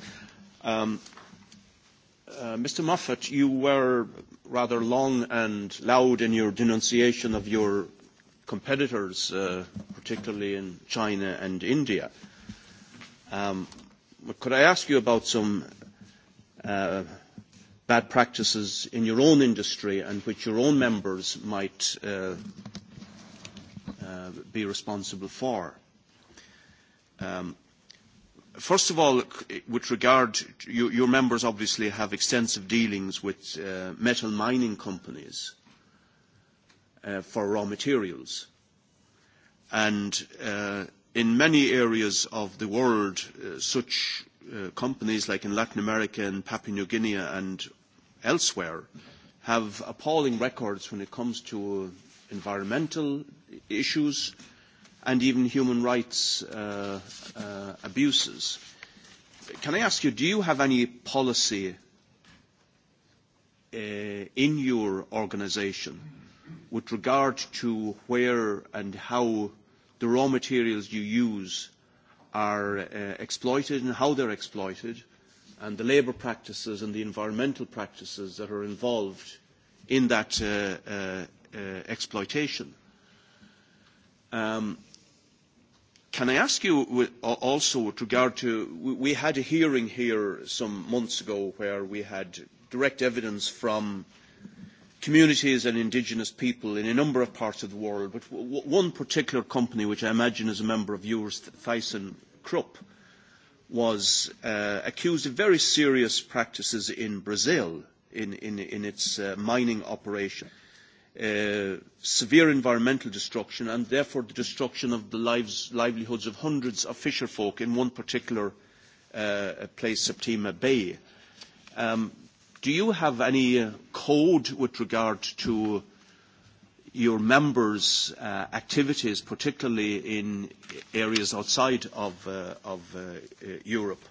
Um, uh, Mr. Moffat, you were rather long and loud in your denunciation of your competitors, uh, particularly in China and India. Um, could I ask you about some uh, bad practices in your own industry and which your own members might uh, uh, be responsible for? Um, First of all, with regard, your members obviously have extensive dealings with metal mining companies for raw materials. And in many areas of the world, such companies like in Latin America and Papua New Guinea and elsewhere have appalling records when it comes to environmental issues and even human rights abuses. Can I ask you, do you have any policy in your organisation with regard to where and how the raw materials you use are exploited and how they are exploited, and the labour practices and the environmental practices that are involved in that exploitation. can I ask you also with regard to, we had a hearing here some months ago where we had direct evidence from uh, communities and indigenous people in a number of parts of the world, but one particular company, which I imagine is a member of yours, Thyssen Krupp, was uh, accused of very serious practices in Brazil in, in, in its uh, mining operation, uh, severe environmental destruction, and therefore the destruction of the lives, livelihoods of hundreds of fisherfolk in one particular uh, place, Septima Bay. Um, Do you have any code with regard to your members' activities, particularly in areas outside of Europe?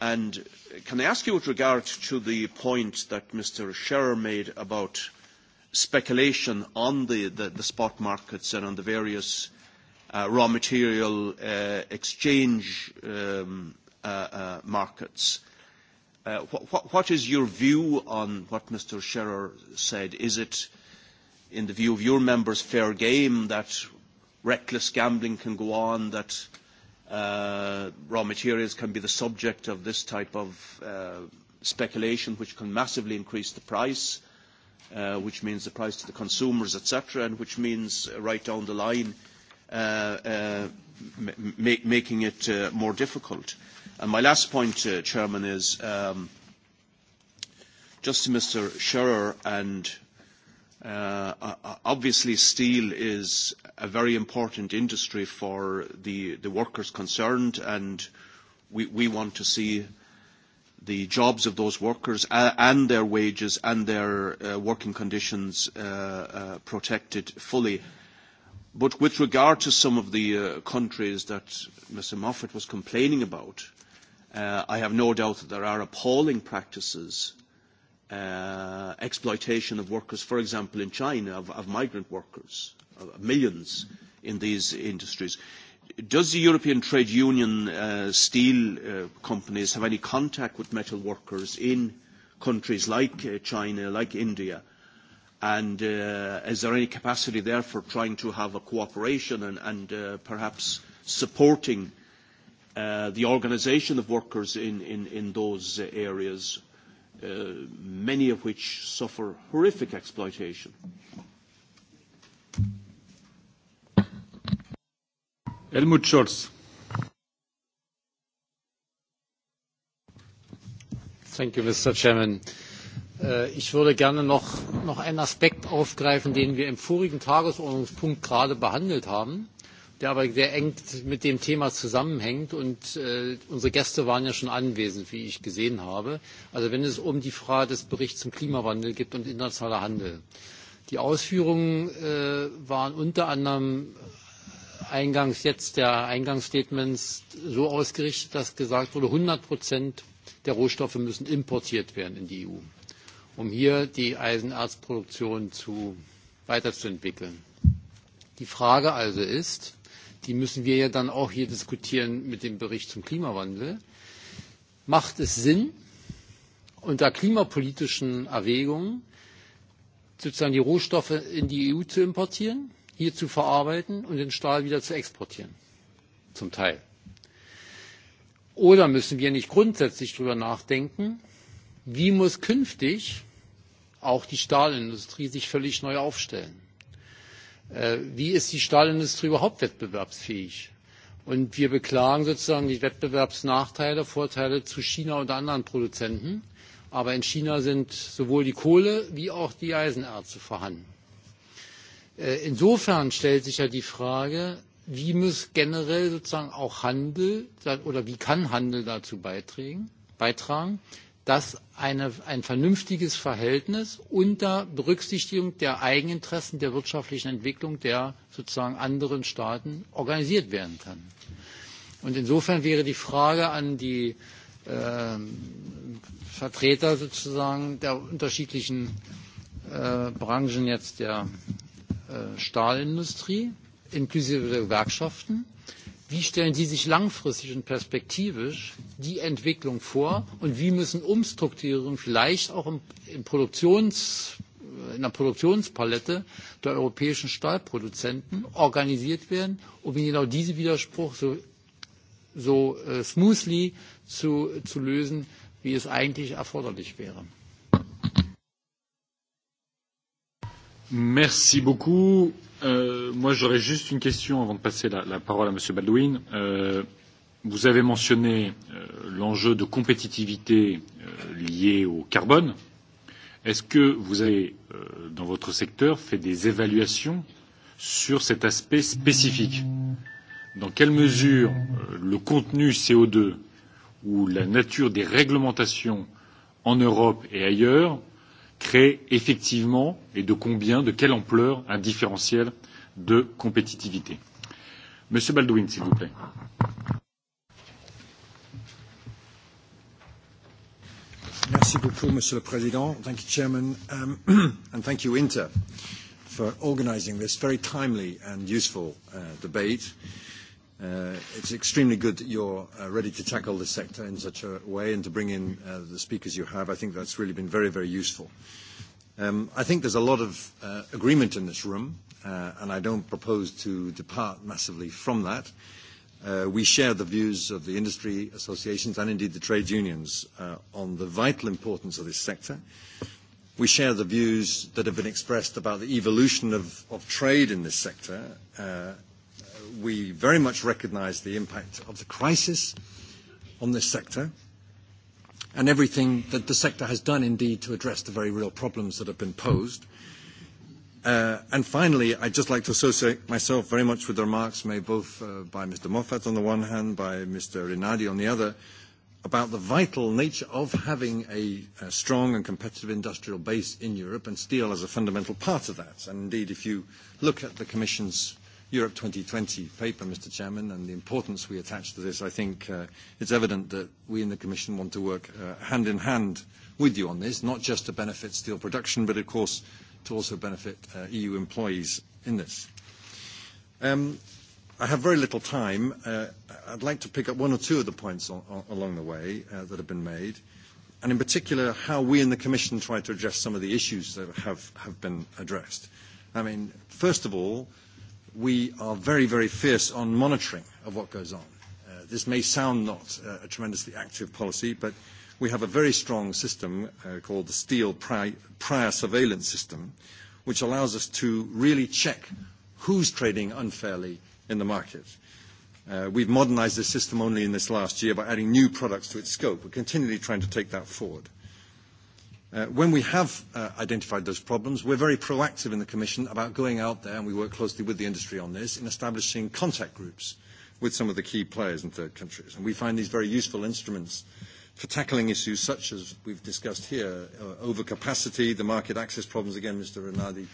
And can I ask you with regard to the point that Mr. Scherer made about speculation on the spot markets and on the various raw material exchange markets? What is your view on what Mr. Scherer said? Is it, in the view of your members, fair game that reckless gambling can go on, that raw materials can be the subject of this type of speculation, which can massively increase the price, which means the price to the consumers, etc., and which means right down the line, making it more difficult. And my last point, uh, Chairman, is um, just to Mr. Scherer, and uh, obviously steel is a very important industry for the, the workers concerned, and we, we want to see the jobs of those workers and their wages and their uh, working conditions uh, uh, protected fully. But with regard to some of the uh, countries that Mr Moffat was complaining about, uh, I have no doubt that there are appalling practices, uh, exploitation of workers, for example, in China, of, of migrant workers, of millions in these industries. Does the European Trade Union uh, steel uh, companies have any contact with metal workers in countries like uh, China, like India, And is there any capacity there for trying to have a cooperation and, perhaps supporting the organisation of workers in, those areas, many of which suffer horrific exploitation? Helmut Scholz. Thank you, Mr. Chairman. Ich würde gerne noch, noch einen Aspekt aufgreifen, den wir im vorigen Tagesordnungspunkt gerade behandelt haben, der aber sehr eng mit dem Thema zusammenhängt. Und unsere Gäste waren ja schon anwesend, wie ich gesehen habe. Also wenn es um die Frage des Berichts zum Klimawandel geht und internationaler Handel. Die Ausführungen waren unter anderem eingangs jetzt der Eingangsstatements so ausgerichtet, dass gesagt wurde, 100 Prozent der Rohstoffe müssen importiert werden in die EU um hier die Eisenerzproduktion weiterzuentwickeln. Die Frage also ist, die müssen wir ja dann auch hier diskutieren mit dem Bericht zum Klimawandel, macht es Sinn, unter klimapolitischen Erwägungen sozusagen die Rohstoffe in die EU zu importieren, hier zu verarbeiten und den Stahl wieder zu exportieren? Zum Teil. Oder müssen wir nicht grundsätzlich darüber nachdenken, Wie muss künftig auch die Stahlindustrie sich völlig neu aufstellen? Wie ist die Stahlindustrie überhaupt wettbewerbsfähig? Und wir beklagen sozusagen die Wettbewerbsnachteile, Vorteile zu China und anderen Produzenten. Aber in China sind sowohl die Kohle wie auch die Eisenerze vorhanden. Insofern stellt sich ja die Frage, wie muss generell sozusagen auch Handel oder wie kann Handel dazu beitragen, dass ein vernünftiges Verhältnis unter Berücksichtigung der Eigeninteressen der wirtschaftlichen Entwicklung der sozusagen anderen Staaten organisiert werden kann. insofern wäre die Frage an die Vertreter sozusagen der unterschiedlichen Branchen jetzt der Stahlindustrie inklusive der Gewerkschaften Wie stellen Sie sich langfristig und perspektivisch die Entwicklung vor und wie müssen Umstrukturierungen vielleicht auch in, der Produktionspalette der europäischen Stahlproduzenten organisiert werden, um genau diesen Widerspruch so, smoothly zu lösen, wie es eigentlich erforderlich wäre? Merci beaucoup moi, j'aurais juste une question avant de passer la, la parole à M. Baldwin. Euh, vous avez mentionné euh, l'enjeu de compétitivité euh, lié au carbone. Est-ce que vous avez, euh, dans votre secteur, fait des évaluations sur cet aspect spécifique Dans quelle mesure euh, le contenu CO2 ou la nature des réglementations en Europe et ailleurs crée effectivement et de combien, de quelle ampleur un différentiel de compétitivité. Monsieur Baldwin, s'il vous plaît. Merci beaucoup, Monsieur le Président. Thank you, Chairman, um, and thank you, Inter, for organising this very timely and useful uh, debate. It's extremely good that you're ready to tackle this sector in such a way and to bring in the speakers you have. I think that's really been very, very useful. I think there's a lot of agreement in this room, and I don't propose to depart massively from that. We share the views of the industry associations and indeed the trade unions on the vital importance of this sector. We share the views that have been expressed about the evolution of trade in this sector we very much recognise the impact of the crisis on this sector and everything that the sector has done indeed to address the very real problems that have been posed. And finally, I'd just like to associate myself very much with the remarks made both by Mr. Moffat on the one hand, by Mr. Rinaldi on the other, about the vital nature of having a strong and competitive industrial base in Europe, and steel as a fundamental part of that. And indeed, if you look at the Commission's Europe 2020 paper, Mr. Chairman, and the importance we attach to this, I think uh, it's evident that we in the Commission want to work uh, hand in hand with you on this, not just to benefit steel production, but of course to also benefit uh, EU employees in this. Um, I have very little time. Uh, I'd like to pick up one or two of the points on, along the way that have been made, and in particular how we in the Commission try to address some of the issues that have, have been addressed. I mean, first of all, we are very, very fierce on monitoring of what goes on. This may sound not a tremendously active policy, but we have a very strong system called the Steel Prior Surveillance System, which allows us to really check who's trading unfairly in the market. We've modernized this system only in this last year by adding new products to its scope. We're continually trying to take that forward. When we have identified those problems, we're very proactive in the Commission about going out there, and we work closely with the industry on this, in establishing contact groups with some of the key players in third countries. And we find these very useful instruments for tackling issues such as we've discussed here, overcapacity, the market access problems, again, Mr. Rinaldi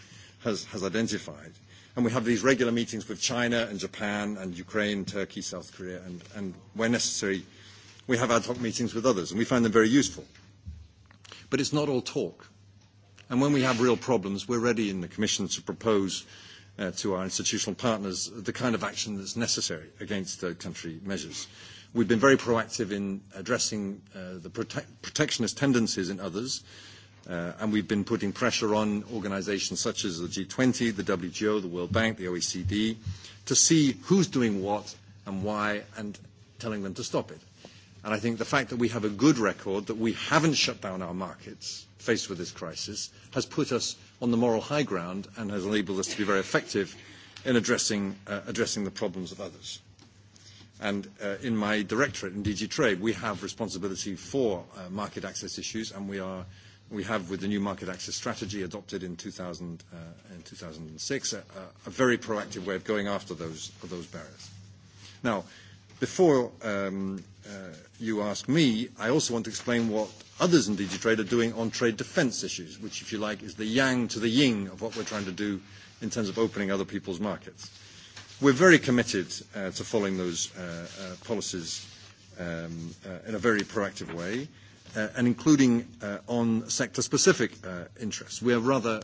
has identified. And we have these regular meetings with China and Japan and Ukraine, Turkey, South Korea, and where necessary, we have ad hoc meetings with others, and we find them very useful. But it's not all talk. And when we have real problems, we're ready in the Commission to propose uh, to our institutional partners the kind of action that's necessary against third country measures. We've been very proactive in addressing uh, the prote- protectionist tendencies in others, uh, and we've been putting pressure on organisations such as the G20, the WGO, the World Bank, the OECD, to see who's doing what and why, and telling them to stop it. I think the fact that we have a good record, that we haven't shut down our markets faced with this crisis, has put us on the moral high ground and has enabled us to be very effective in addressing, the problems of others. And in my directorate, in DG Trade, we have responsibility for market access issues, and we, are, we have, with the new market access strategy adopted in, 2000, uh, in 2006, a, a very proactive way of going after those, those barriers. Now, before um, you ask me, I also want to explain what others in DigiTrade are doing on trade defence issues, which, if you like, is the yang to the yin of what we're trying to do in terms of opening other people's markets. We're very committed uh, to following those uh, uh, policies um, uh, in a very proactive way, uh, and including uh, on sector-specific uh, interests. We are rather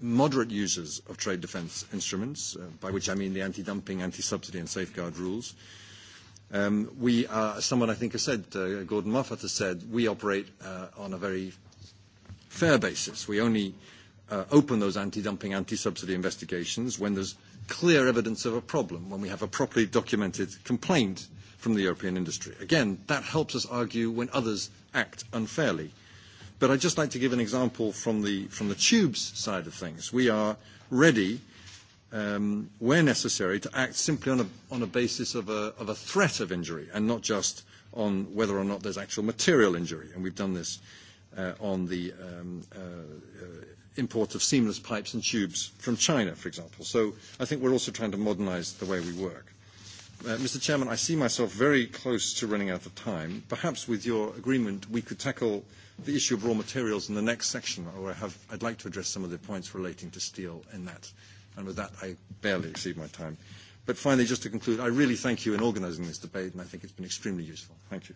moderate users of trade defence instruments, uh, by which I mean the anti-dumping, anti-subsidy and safeguard rules. Uh, We are, someone I think has said, Gordon Moffat has said, we operate on a very fair basis. We only open those anti-dumping, anti-subsidy investigations when there's clear evidence of a problem, when we have a properly documented complaint from the European industry. Again, that helps us argue when others act unfairly. But I'd just like to give an example from the tubes side of things. We are ready um, where necessary, to act simply on a, on a basis of a, of a threat of injury and not just on whether or not there's actual material injury. And we've done this uh, on the um, uh, import of seamless pipes and tubes from China, for example. So I think we're also trying to modernize the way we work. Uh, Mr. Chairman, I see myself very close to running out of time. Perhaps with your agreement, we could tackle the issue of raw materials in the next section, or I have, I'd like to address some of the points relating to steel in that And with that, I barely exceed my time. But finally, just to conclude, I really thank you in organising this debate, and I think it's been extremely useful. Thank you.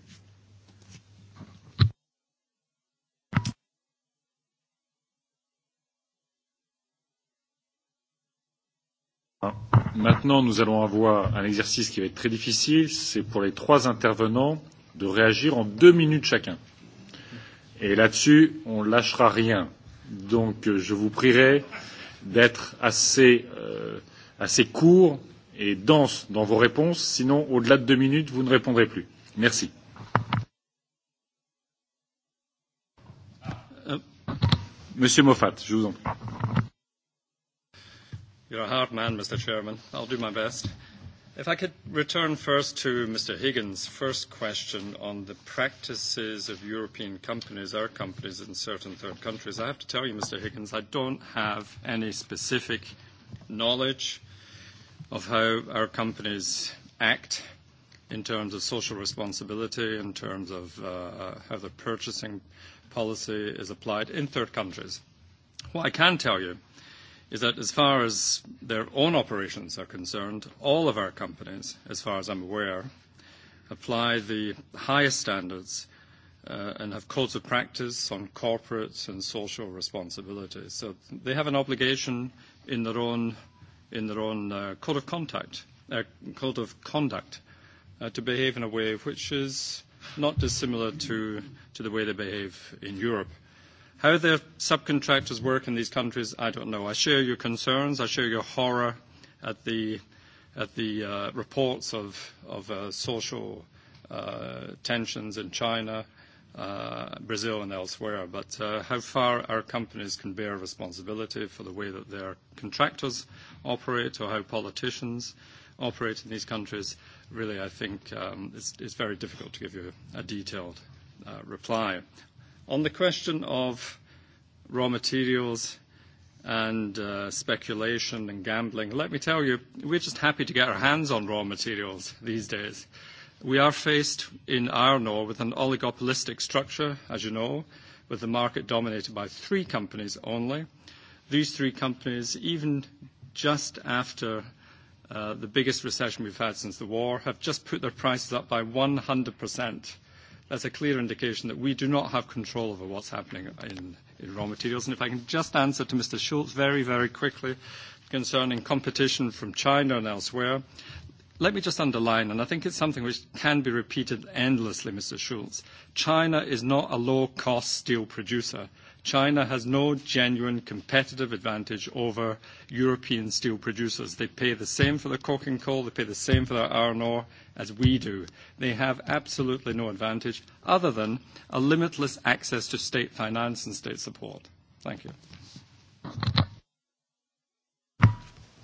Maintenant, nous allons avoir un exercice qui va être très difficile. C'est pour les trois intervenants de réagir en deux minutes chacun. Et là-dessus, on ne lâchera rien. Donc, je vous prierai d'être assez, euh, assez court et dense dans vos réponses, sinon au-delà de deux minutes, vous ne répondrez plus. Merci. Monsieur Moffat, je vous en prie. You're a hard man, Mr. Chairman. I'll do my best. If I could return first to Mr. Higgins' first question on the practices of European companies, our companies in certain third countries. I have to tell you, Mr. Higgins, I don't have any specific knowledge of how our companies act in terms of social responsibility, in terms of uh, how the purchasing policy is applied in third countries. What I can tell you is that as far as their own operations are concerned, all of our companies, as far as I'm aware, apply the highest standards and have codes of practice on corporate and social responsibility. So they have an obligation in their own in their own uh, code of contact, uh, code of conduct, uh, to behave in a way which is not dissimilar to to the way they behave in Europe. How their subcontractors work in these countries, I don't know. I share your concerns. I share your horror at the at the uh, reports of of uh, social uh, tensions in China, uh, Brazil, and elsewhere. But uh, how far our companies can bear responsibility for the way that their contractors operate, or how politicians operate in these countries, really, I think um, it's, it's very difficult to give you a detailed uh, reply. On the question of raw materials and uh, speculation and gambling, let me tell you, we're just happy to get our hands on raw materials these days. We are faced in iron ore with an oligopolistic structure, as you know, with the market dominated by three companies only. These three companies, even just after uh, the biggest recession we've had since the war, have just put their prices up by 100% as a clear indication that we do not have control over what's happening in, in raw materials. if I can just answer to Mr. Schulz very, very quickly concerning competition from China and elsewhere, let me just underline, and I think it's something which can be repeated endlessly, Mr. Schulz. China is not a low-cost steel producer. China has no genuine competitive advantage over European steel producers. They pay the same for their coking coal, they pay the same for their iron ore as we do. They have absolutely no advantage other than a limitless access to state finance and state support. Thank you.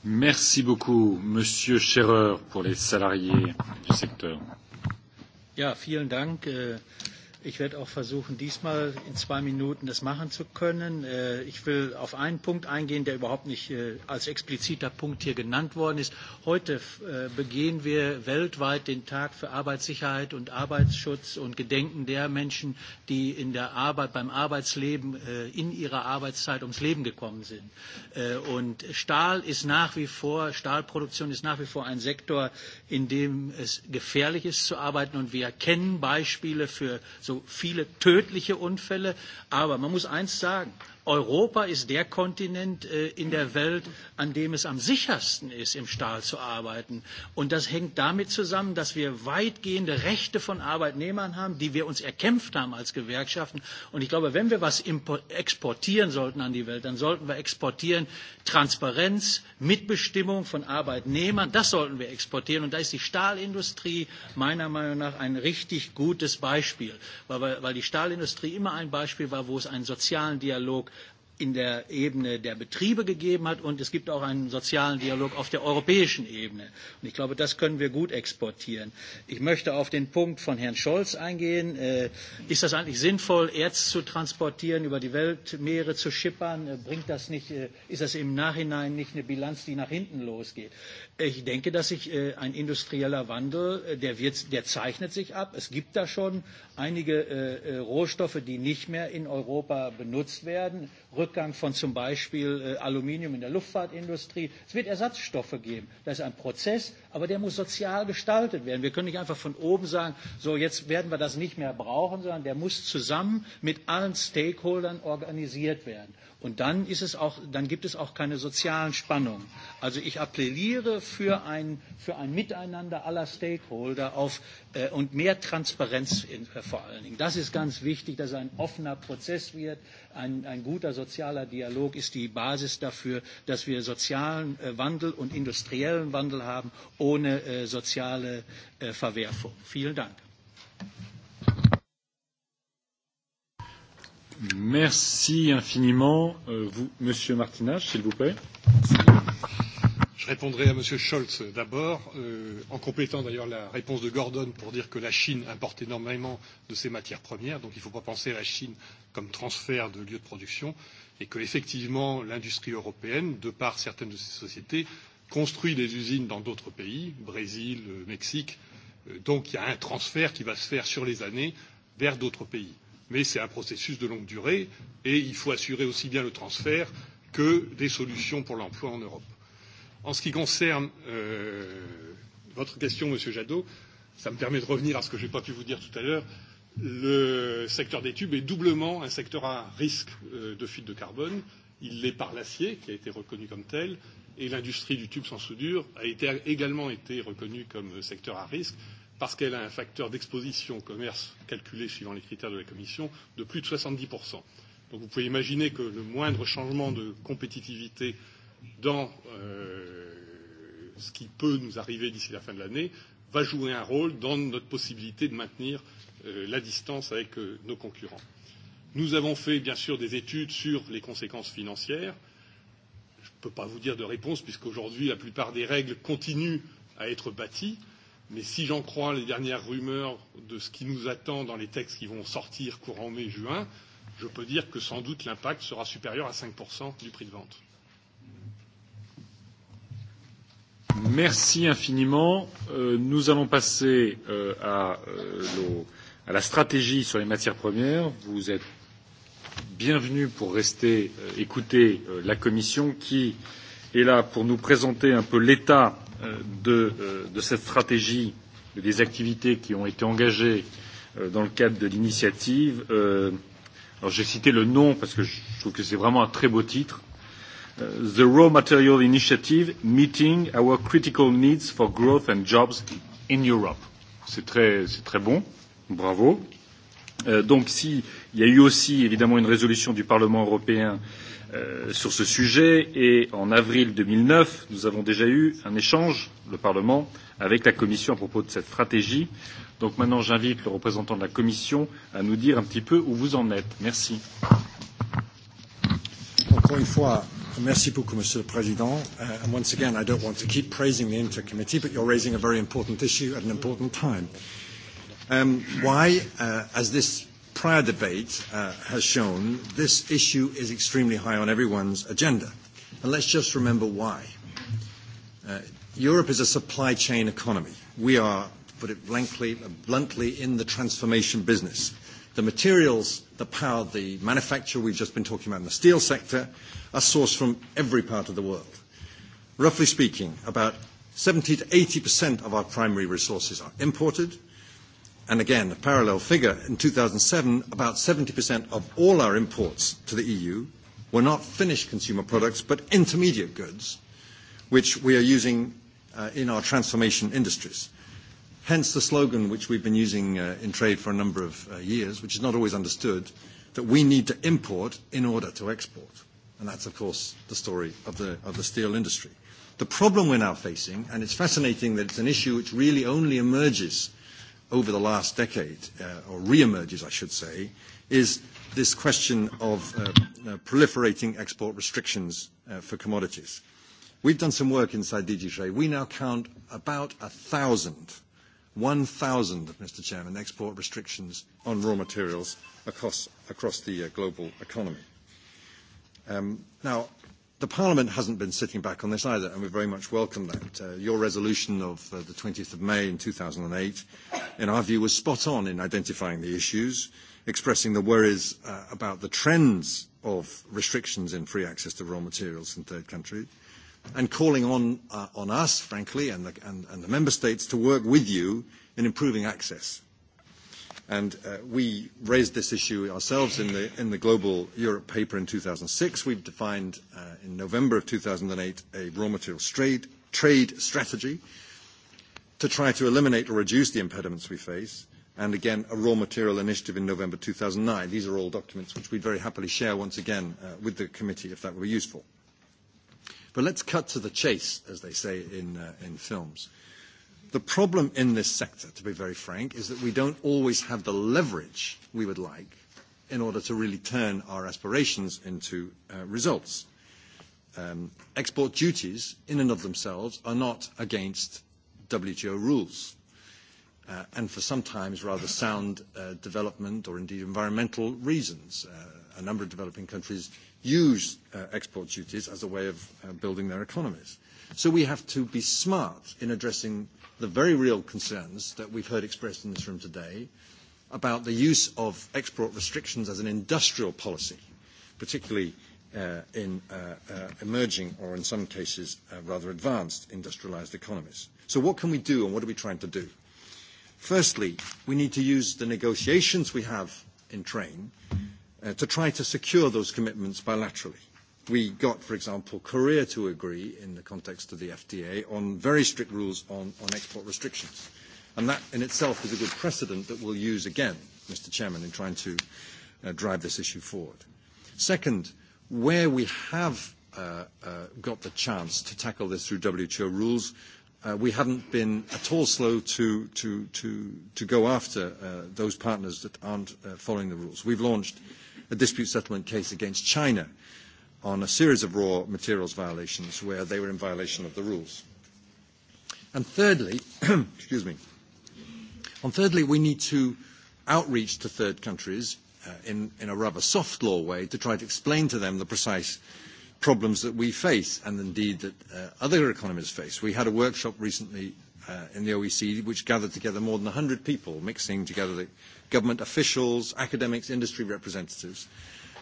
Merci beaucoup, Monsieur Scherer, pour les salariés du secteur. Ja, vielen Dank. Ich werde auch versuchen, diesmal in zwei Minuten das machen zu können. Ich will auf einen Punkt eingehen, der überhaupt nicht als expliziter Punkt hier genannt worden ist. Heute begehen wir weltweit den Tag für Arbeitssicherheit und Arbeitsschutz und gedenken der Menschen, die in der Arbeit, beim Arbeitsleben in ihrer Arbeitszeit ums Leben gekommen sind. Und Stahl ist nach wie vor, Stahlproduktion ist nach wie vor ein Sektor, in dem es gefährlich ist zu arbeiten. Und wir kennen Beispiele für so viele tödliche Unfälle. Aber man muss eins sagen, Europa ist der Kontinent in der Welt, an dem es am sichersten ist, im Stahl zu arbeiten. Und das hängt damit zusammen, dass wir weitgehende Rechte von Arbeitnehmern haben, die wir uns erkämpft haben als Gewerkschaften. Und ich glaube, wenn wir etwas exportieren sollten an die Welt, dann sollten wir exportieren Transparenz, Mitbestimmung von Arbeitnehmern, das sollten wir exportieren. Und da ist die Stahlindustrie meiner Meinung nach ein richtig gutes Beispiel, weil, die Stahlindustrie immer ein Beispiel war, wo es einen sozialen Dialog in der Ebene der Betriebe gegeben hat und es gibt auch einen sozialen Dialog auf der europäischen Ebene. Und ich glaube, das können wir gut exportieren. Ich möchte auf den Punkt von Herrn Scholz eingehen. ist das eigentlich sinnvoll, Erz zu transportieren, über die Weltmeere zu schippern? bringt das nicht, ist das im Nachhinein nicht eine Bilanz, die nach hinten losgeht? Ich denke, dass sich ein industrieller Wandel, der, wird, der zeichnet sich ab. Es gibt da schon einige Rohstoffe, die nicht mehr in Europa benutzt werden Rückgang von zum Beispiel Aluminium in der Luftfahrtindustrie. Es wird Ersatzstoffe geben. Das ist ein Prozess, aber der muss sozial gestaltet werden. Wir können nicht einfach von oben sagen, so jetzt werden wir das nicht mehr brauchen, sondern der muss zusammen mit allen Stakeholdern organisiert werden. Und dann, ist es auch, dann gibt es auch keine sozialen Spannungen. Also ich appelliere für ein, für ein Miteinander aller Stakeholder auf, äh, und mehr Transparenz in, äh, vor allen Dingen. Das ist ganz wichtig, dass ein offener Prozess wird. Ein, ein guter sozialer Dialog ist die Basis dafür, dass wir sozialen äh, Wandel und industriellen Wandel haben, ohne äh, soziale äh, Verwerfung. Vielen Dank. Merci infiniment. Vous, Monsieur Martinage, s'il vous plaît. Je répondrai à Monsieur Scholz d'abord, en complétant d'ailleurs la réponse de Gordon pour dire que la Chine importe énormément de ses matières premières, donc il ne faut pas penser à la Chine comme transfert de lieu de production, et que effectivement l'industrie européenne, de par certaines de ses sociétés, construit des usines dans d'autres pays, Brésil, Mexique, donc il y a un transfert qui va se faire sur les années vers d'autres pays mais c'est un processus de longue durée et il faut assurer aussi bien le transfert que des solutions pour l'emploi en Europe. En ce qui concerne votre question, Monsieur Jadot, ça me permet de revenir à ce que je n'ai pas pu vous dire tout à l'heure. Le secteur des tubes est doublement un secteur à risque de fuite de carbone. Il l'est par l'acier, qui a été reconnu comme tel, et l'industrie du tube sans soudure a également été reconnue comme secteur à risque parce qu'elle a un facteur d'exposition au commerce calculé suivant les critères de la Commission de plus de 70%. Donc vous pouvez imaginer que le moindre changement de compétitivité dans euh, ce qui peut nous arriver d'ici la fin de l'année va jouer un rôle dans notre possibilité de maintenir euh, la distance avec euh, nos concurrents. Nous avons fait bien sûr des études sur les conséquences financières. Je ne peux pas vous dire de réponse puisqu'aujourd'hui la plupart des règles continuent à être bâties Mais si j'en crois les dernières rumeurs de ce qui nous attend dans les textes qui vont sortir courant mai-juin, je peux dire que sans doute l'impact sera supérieur à 5% du prix de vente. Merci infiniment. Euh, nous allons passer euh, à, euh, le, à la stratégie sur les matières premières. Vous êtes bienvenue pour rester euh, écouter euh, la Commission qui est là pour nous présenter un peu l'état de, cette stratégie des activités qui ont été engagées dans le cadre de l'initiative. alors j'ai cité le nom parce que je trouve que c'est vraiment un très beau titre. The Raw Material Initiative Meeting Our Critical Needs for Growth and Jobs in Europe. C'est très, très bon. Bravo. donc s'il y a eu aussi évidemment une résolution du Parlement européen euh, sur ce sujet et en avril deux mille neuf, nous avons déjà eu un échange, le Parlement, avec la Commission à propos de cette stratégie. Donc maintenant, j'invite le représentant de la Commission à nous dire un petit peu où vous en êtes. Merci. Encore une fois, merci beaucoup, Monsieur le Président. and once again, I don't want to keep praising the Inter Committee, but you're raising a very important issue at an important time. why, as this prior debate uh, has shown, this issue is extremely high on everyone's agenda. And let's just remember why. Uh, Europe is a supply chain economy. We are, to put it blankly, bluntly, in the transformation business. The materials that power the manufacture we've just been talking about in the steel sector are sourced from every part of the world. Roughly speaking, about 70 to 80% of our primary resources are imported, And again, a parallel figure, in 2007, about 70% of all our imports to the EU were not finished consumer products, but intermediate goods, which we are using uh, in our transformation industries. Hence the slogan which we've been using uh, in trade for a number of uh, years, which is not always understood, that we need to import in order to export. And that's, of course, the story of the, of the steel industry. The problem we're now facing, and it's fascinating that it's an issue which really only emerges over the last decade, uh, or re-emerges, I should say, is this question of uh, uh, proliferating export restrictions uh, for commodities. We've done some work inside DG Trade. We now count about a thousand, one thousand, Mr. Chairman, export restrictions on raw materials across, across the uh, global economy. Um, now, The Parliament hasn't been sitting back on this either, and we very much welcome that. Uh, your resolution of uh, the 20th of May in 2008, in our view, was spot on in identifying the issues, expressing the worries uh, about the trends of restrictions in free access to raw materials in third countries, and calling on, uh, on us, frankly, and the, and, and the Member States to work with you in improving access And we raised this issue ourselves in the, in the Global Europe paper in 2006. We defined in November of 2008 a raw material trade, trade strategy to try to eliminate or reduce the impediments we face, and again, a raw material initiative in November 2009. These are all documents which we'd very happily share once again with the committee if that were useful. But let's cut to the chase, as they say in, in films. Uh, The problem in this sector, to be very frank, is that we don't always have the leverage we would like in order to really turn our aspirations into results. Export duties, in and of themselves, are not against WTO rules. And for sometimes rather sound development or indeed environmental reasons, a number of developing countries use export duties as a way of building their economies. So we have to be smart in addressing the very real concerns that we've heard expressed in this room today about the use of export restrictions as an industrial policy, particularly in emerging or, in some cases, rather advanced industrialised economies. So what can we do and what are we trying to do? Firstly, we need to use the negotiations we have in train to try to secure those commitments bilaterally we got, for example, Korea to agree in the context of the FTA on very strict rules on, export restrictions. And that in itself is a good precedent that we'll use again, Mr. Chairman, in trying to drive this issue forward. Second, where we have got the chance to tackle this through WTO rules, we haven't been at all slow to, go after those partners that aren't not following the rules. We've launched a dispute settlement case against China on a series of raw materials violations where they were in violation of the rules. And thirdly, excuse me, and thirdly, we need to outreach to third countries uh, in, in a rather soft law way to try to explain to them the precise problems that we face and indeed that uh, other economies face. We had a workshop recently uh, in the OECD which gathered together more than 100 people, mixing together the government officials, academics, industry representatives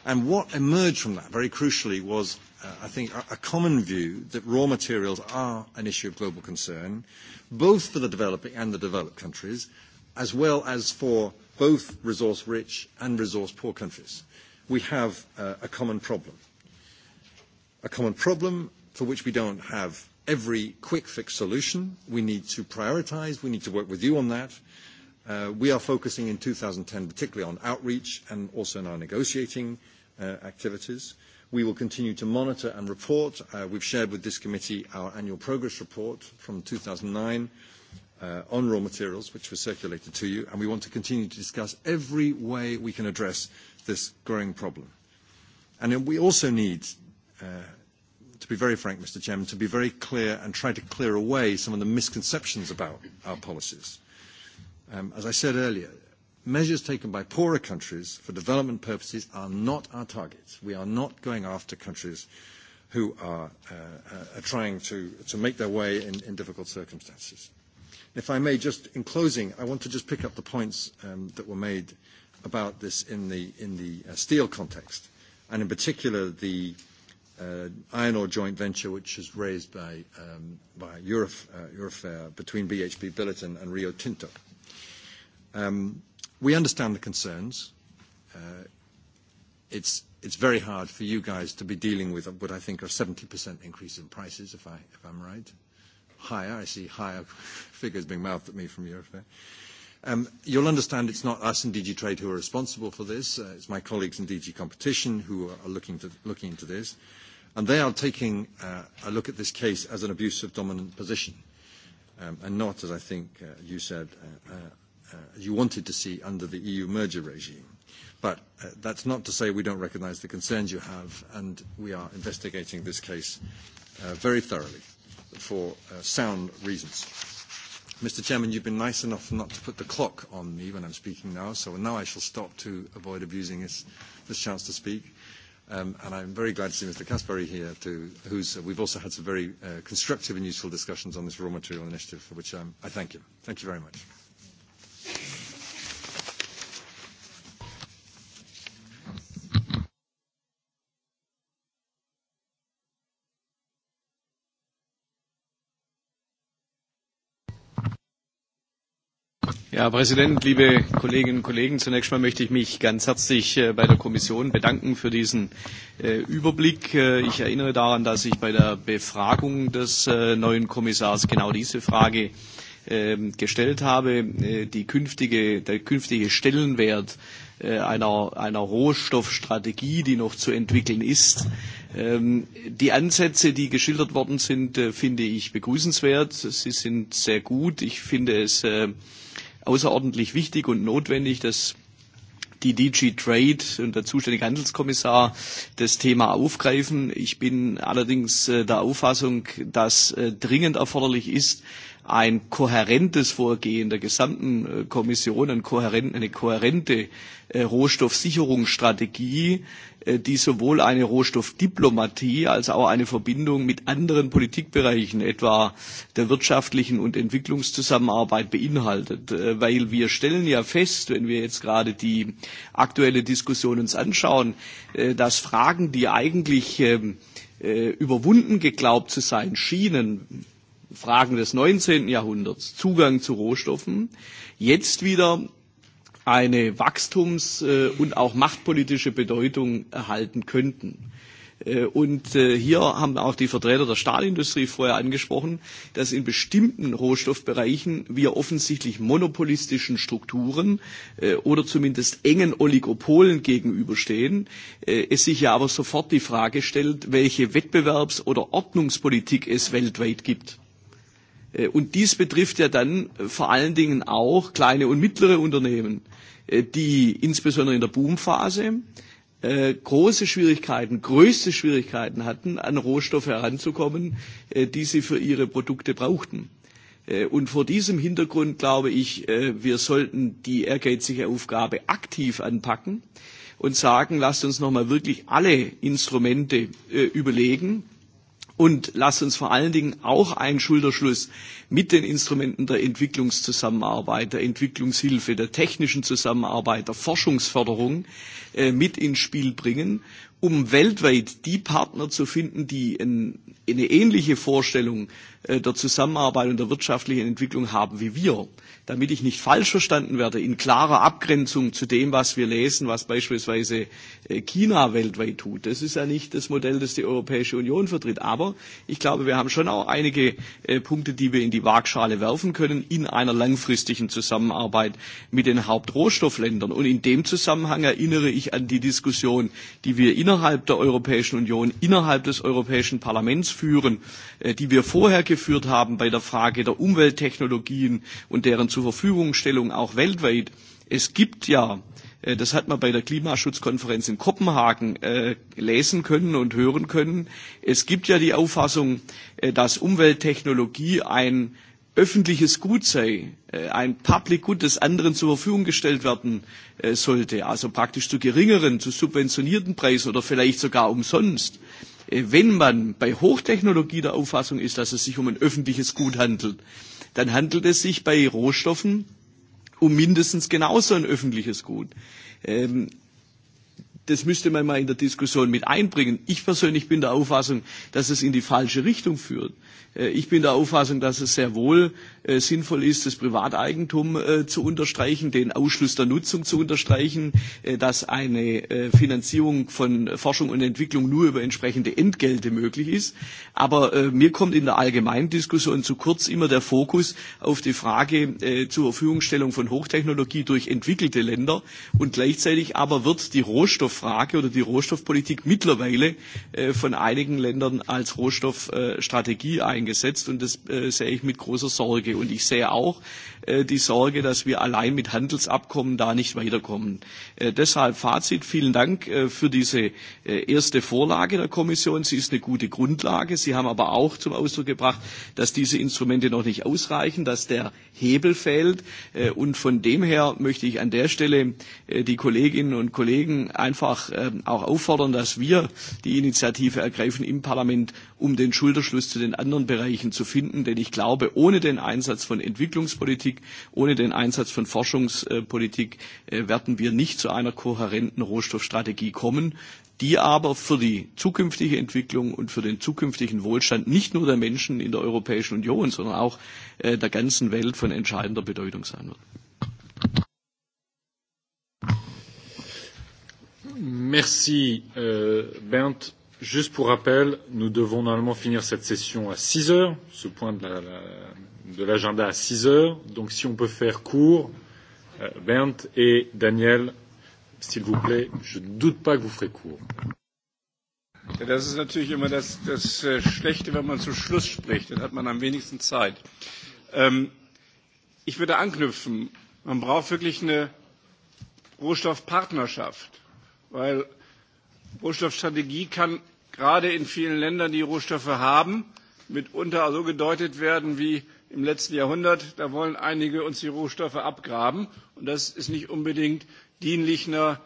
And what emerged from that, very crucially, was, uh, I think, a, a common view that raw materials are an issue of global concern, both for the developing and the developed countries, as well as for both resource-rich and resource-poor countries. We have uh, a common problem. A common problem for which we don't have every quick fix solution. We need to prioritize. We need to work with you on that. Uh, we are focusing in 2010 particularly on outreach and also in our negotiating activities. We will continue to monitor and report. We've shared with this committee our annual progress report from 2009 on raw materials, which was circulated to you, and we want to continue to discuss every way we can address this growing problem. And we also need, to be very frank, Mr. Chairman, to be very clear and try to clear away some of the misconceptions about our policies. As I said earlier, measures taken by poorer countries for development purposes are not our targets. We are not going after countries who are trying to make their way in in difficult circumstances. If I may, just in closing, I want to just pick up the points that were made about this in the in the steel context, and in particular, the iron ore joint venture, which is raised by Eurofair between BHP Billiton and Rio Tinto we understand the concerns. It's it's very hard for you guys to be dealing with what I think are 70% increase in prices, if I if I'm right. Higher, I see higher figures being mouthed at me from Eurofair. You'll understand it's not us in DG Trade who are responsible for this. Uh It's my colleagues in DG Competition who are looking to looking into this, and they are taking uh a look at this case as an abuse of dominant position, um and not, as I think uh you said, uh as you wanted to see under the EU merger regime. But uh, that's not to say we don't recognise the concerns you have, and we are investigating this case uh, very thoroughly for uh, sound reasons. Mr. Chairman, you've been nice enough not to put the clock on me when I'm speaking now, so now I shall stop to avoid abusing this, this chance to speak. Um, and I'm very glad to see Mr. Caspary here, too, who's, uh, we've also had some very uh, constructive and useful discussions on this raw material initiative, for which um, I thank him. Thank you very much. Herr Präsident, liebe Kolleginnen und Kollegen! Zunächst einmal möchte ich mich ganz herzlich bei der Kommission bedanken für diesen Überblick. Ich erinnere daran, dass ich bei der Befragung des neuen Kommissars genau diese Frage gestellt habe. der künftige Stellenwert einer, einer Rohstoffstrategie, die noch zu entwickeln ist. Die Ansätze, die geschildert worden sind, finde ich begrüßenswert. Sie sind sehr gut. Ich finde es außerordentlich wichtig und notwendig, dass die DG Trade und der zuständige Handelskommissar das Thema aufgreifen. Ich bin allerdings der Auffassung, dass dringend erforderlich ist, ein kohärentes Vorgehen der gesamten Kommission, eine kohärente Rohstoffsicherungsstrategie, die sowohl eine Rohstoffdiplomatie als auch eine Verbindung mit anderen Politikbereichen, etwa der wirtschaftlichen und Entwicklungszusammenarbeit, beinhaltet. Weil wir stellen ja fest, wenn wir jetzt gerade die aktuelle Diskussion uns anschauen, dass Fragen, die eigentlich überwunden geglaubt zu sein schienen, Fragen des 19. Jahrhunderts, Zugang zu Rohstoffen, jetzt wieder eine wachstums- und auch machtpolitische Bedeutung erhalten könnten. Und hier haben auch die Vertreter der Stahlindustrie vorher angesprochen, dass in bestimmten Rohstoffbereichen wir offensichtlich monopolistischen Strukturen oder zumindest engen Oligopolen gegenüberstehen. Es sich ja aber sofort die Frage stellt, welche Wettbewerbs- oder Ordnungspolitik es weltweit gibt Und dies betrifft ja dann vor allen Dingen auch kleine und mittlere Unternehmen, die insbesondere in der Boomphase große Schwierigkeiten, größte Schwierigkeiten hatten, an Rohstoffe heranzukommen, die sie für ihre Produkte brauchten. Und vor diesem Hintergrund glaube ich, wir sollten die ehrgeizige Aufgabe aktiv anpacken und sagen, lasst uns nochmal wirklich alle Instrumente überlegen, Und lasst uns vor allen Dingen auch einen Schulterschluss mit den Instrumenten der Entwicklungszusammenarbeit, der Entwicklungshilfe, der technischen Zusammenarbeit, der Forschungsförderung mit ins Spiel bringen, um weltweit die Partner zu finden, die eine ähnliche Vorstellung der Zusammenarbeit und der wirtschaftlichen Entwicklung haben wie wir damit ich nicht falsch verstanden werde, in klarer Abgrenzung zu dem, was wir lesen, was beispielsweise China weltweit tut. Das ist ja nicht das Modell, das die Europäische Union vertritt. Aber ich glaube, wir haben schon auch einige Punkte, die wir in die Waagschale werfen können, in einer langfristigen Zusammenarbeit mit den Hauptrohstoffländern. Und in dem Zusammenhang erinnere ich an die Diskussion, die wir innerhalb der Europäischen Union, innerhalb des Europäischen Parlaments führen, die wir vorher geführt haben bei der Frage der Umwelttechnologien und deren zur Verfügungstellung auch weltweit. Es gibt ja, das hat man bei der Klimaschutzkonferenz in Kopenhagen lesen können und hören können, es gibt ja die Auffassung, dass Umwelttechnologie ein öffentliches Gut sei, ein Public Good des anderen zur Verfügung gestellt werden sollte, also praktisch zu geringeren, zu subventionierten Preisen oder vielleicht sogar umsonst. Wenn man bei Hochtechnologie der Auffassung ist, dass es sich um ein öffentliches Gut handelt, dann handelt es sich bei Rohstoffen um mindestens genauso ein öffentliches Gut das müsste man mal in der Diskussion mit einbringen. Ich persönlich bin der Auffassung, dass es in die falsche Richtung führt. Ich bin der Auffassung, dass es sehr wohl sinnvoll ist, das Privateigentum zu unterstreichen, den Ausschluss der Nutzung zu unterstreichen, dass eine Finanzierung von Forschung und Entwicklung nur über entsprechende Entgelte möglich ist. Aber mir kommt in der allgemeinen Diskussion zu kurz immer der Fokus auf die Frage zur Verfügungstellung von Hochtechnologie durch entwickelte Länder und gleichzeitig aber wird die Rohstoff Frage oder die Rohstoffpolitik mittlerweile von einigen Ländern als Rohstoffstrategie eingesetzt. Und das sehe ich mit großer Sorge. Und ich sehe auch die Sorge, dass wir allein mit Handelsabkommen da nicht weiterkommen. Deshalb Fazit. Vielen Dank für diese erste Vorlage der Kommission. Sie ist eine gute Grundlage. Sie haben aber auch zum Ausdruck gebracht, dass diese Instrumente noch nicht ausreichen, dass der Hebel fehlt. Und von dem her möchte ich an der Stelle die Kolleginnen und Kollegen einfach einfach auch auffordern, dass wir die Initiative ergreifen im Parlament, um den Schulterschluss zu den anderen Bereichen zu finden. Denn ich glaube, ohne den Einsatz von Entwicklungspolitik, ohne den Einsatz von Forschungspolitik werden wir nicht zu einer kohärenten Rohstoffstrategie kommen die aber für die zukünftige Entwicklung und für den zukünftigen Wohlstand nicht nur der Menschen in der Europäischen Union, sondern auch der ganzen Welt von entscheidender Bedeutung sein wird. Merci Bernd. Juste pour rappel, nous devons normalement finir cette session à 6 heures, ce point de l'agenda à 6 heures. Donc si on peut faire court, Bernd et Daniel, s'il vous plaît, je ne doute pas que vous ferez court. Das ist natürlich immer das, das Schlechte, wenn man zum Schluss spricht, dann hat man am wenigsten Zeit. Ähm, ich würde anknüpfen, man braucht wirklich eine Rohstoffpartnerschaft Weil Rohstoffstrategie kann gerade in vielen Ländern, die Rohstoffe haben, mitunter so gedeutet werden wie im letzten Jahrhundert. Da wollen einige uns die Rohstoffe abgraben. Und das ist nicht unbedingt dienlich einer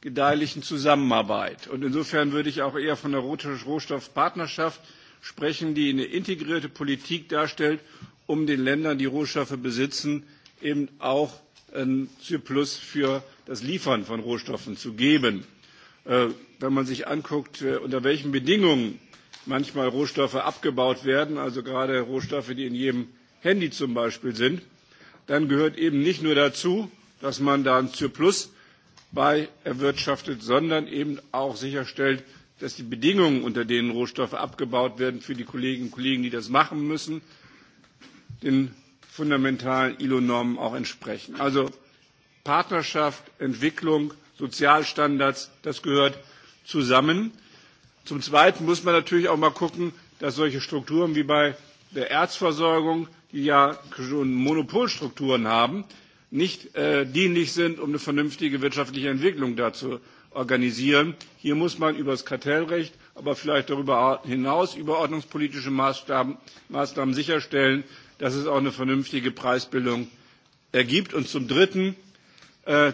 gedeihlichen Zusammenarbeit. Und insofern würde ich auch eher von einer Rohstoffpartnerschaft sprechen, die eine integrierte Politik darstellt, um den Ländern, die Rohstoffe besitzen, eben auch einen Zyplus für das Liefern von Rohstoffen zu geben. Wenn man sich anguckt, unter welchen Bedingungen manchmal Rohstoffe abgebaut werden, also gerade Rohstoffe, die in jedem Handy zum Beispiel sind, dann gehört eben nicht nur dazu, dass man da einen Surplus bei erwirtschaftet, sondern eben auch sicherstellt, dass die Bedingungen, unter denen Rohstoffe abgebaut werden, für die Kolleginnen und Kollegen, die das machen müssen, den fundamentalen ILO-Normen auch entsprechen. Also Partnerschaft, Entwicklung, Sozialstandards, das gehört zusammen. Zum Zweiten muss man natürlich auch mal gucken, dass solche Strukturen wie bei der Erzversorgung, die ja schon Monopolstrukturen haben, nicht dienlich sind, um eine vernünftige wirtschaftliche Entwicklung zu organisieren. Hier muss man über das Kartellrecht, aber vielleicht darüber hinaus über ordnungspolitische Maßnahmen sicherstellen, dass es auch eine vernünftige Preisbildung ergibt. Und zum Dritten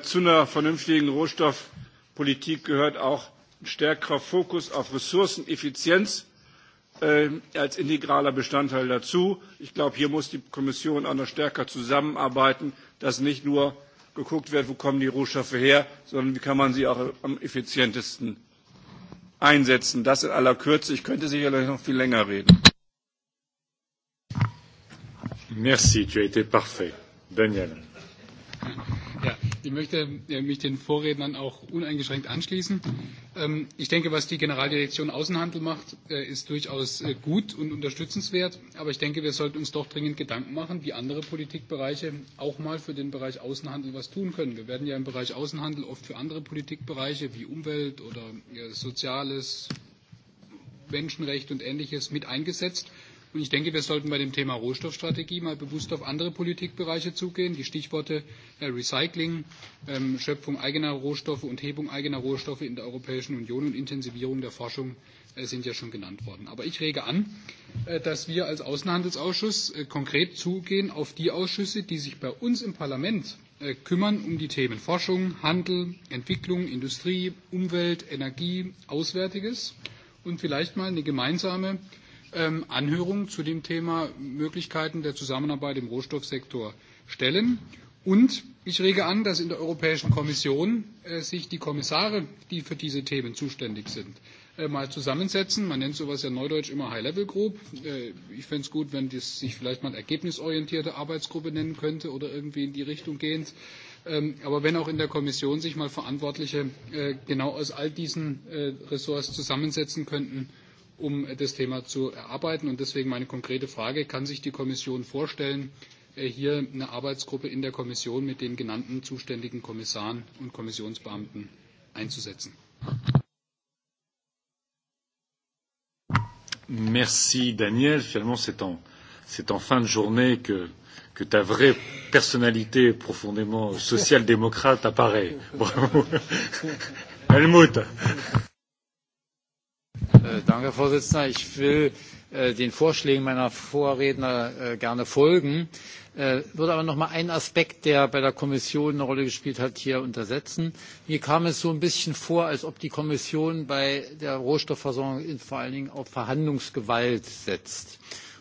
zu einer vernünftigen Rohstoffpolitik gehört auch ein stärkerer Fokus auf Ressourceneffizienz als integraler Bestandteil dazu. Ich glaube, hier muss die Kommission auch noch stärker zusammenarbeiten, dass nicht nur geguckt wird, wo kommen die Rohstoffe her, sondern wie kann man sie auch am effizientesten einsetzen. Das in aller Kürze. Ich könnte sicherlich noch viel länger reden. Merci, tu as été parfait. Daniel. Ich möchte mich den Vorrednern auch uneingeschränkt anschließen. Ich denke, was die Generaldirektion Außenhandel macht, ist durchaus gut und unterstützenswert. Aber ich denke, wir sollten uns doch dringend Gedanken machen, wie andere Politikbereiche auch mal für den Bereich Außenhandel was tun können. Wir werden ja im Bereich Außenhandel oft für andere Politikbereiche wie Umwelt oder Soziales, Menschenrecht und Ähnliches mit eingesetzt. Und ich denke, wir sollten bei dem Thema Rohstoffstrategie mal bewusst auf andere Politikbereiche zugehen. Die Stichworte Recycling, Schöpfung eigener Rohstoffe und Hebung eigener Rohstoffe in der Europäischen Union und Intensivierung der Forschung sind ja schon genannt worden. Aber ich rege an, dass wir als Außenhandelsausschuss konkret zugehen auf die Ausschüsse, die sich bei uns im Parlament kümmern um die Themen Forschung, Handel, Entwicklung, Industrie, Umwelt, Energie, Auswärtiges und vielleicht mal eine gemeinsame Anhörungen zu dem Thema Möglichkeiten der Zusammenarbeit im Rohstoffsektor stellen. Und ich rege an, dass in der Europäischen Kommission sich die Kommissare, die für diese Themen zuständig sind, mal zusammensetzen. Man nennt sowas ja neudeutsch immer High-Level-Group. ich fände es gut, wenn das sich vielleicht mal ergebnisorientierte Arbeitsgruppe nennen könnte oder irgendwie in die Richtung gehend. aber wenn auch in der Kommission sich mal Verantwortliche genau aus all diesen Ressorts zusammensetzen könnten, um das Thema zu erarbeiten. Und deswegen meine konkrete Frage, kann sich die Kommission vorstellen, hier eine Arbeitsgruppe in der Kommission mit den genannten zuständigen Kommissaren und Kommissionsbeamten einzusetzen? Merci Daniel. Finalement, c'est en, c'est en fin de journée que, que ta vraie personnalité profondément social-démocrate apparaît. Bravo. Helmut herr präsident! ich will den vorschlägen meiner vorredner gerne folgen würde aber noch mal einen aspekt der bei der kommission eine rolle gespielt hat hier untersetzen. mir kam es so ein bisschen vor als ob die kommission bei der rohstoffversorgung vor allen dingen auf verhandlungsgewalt setzt.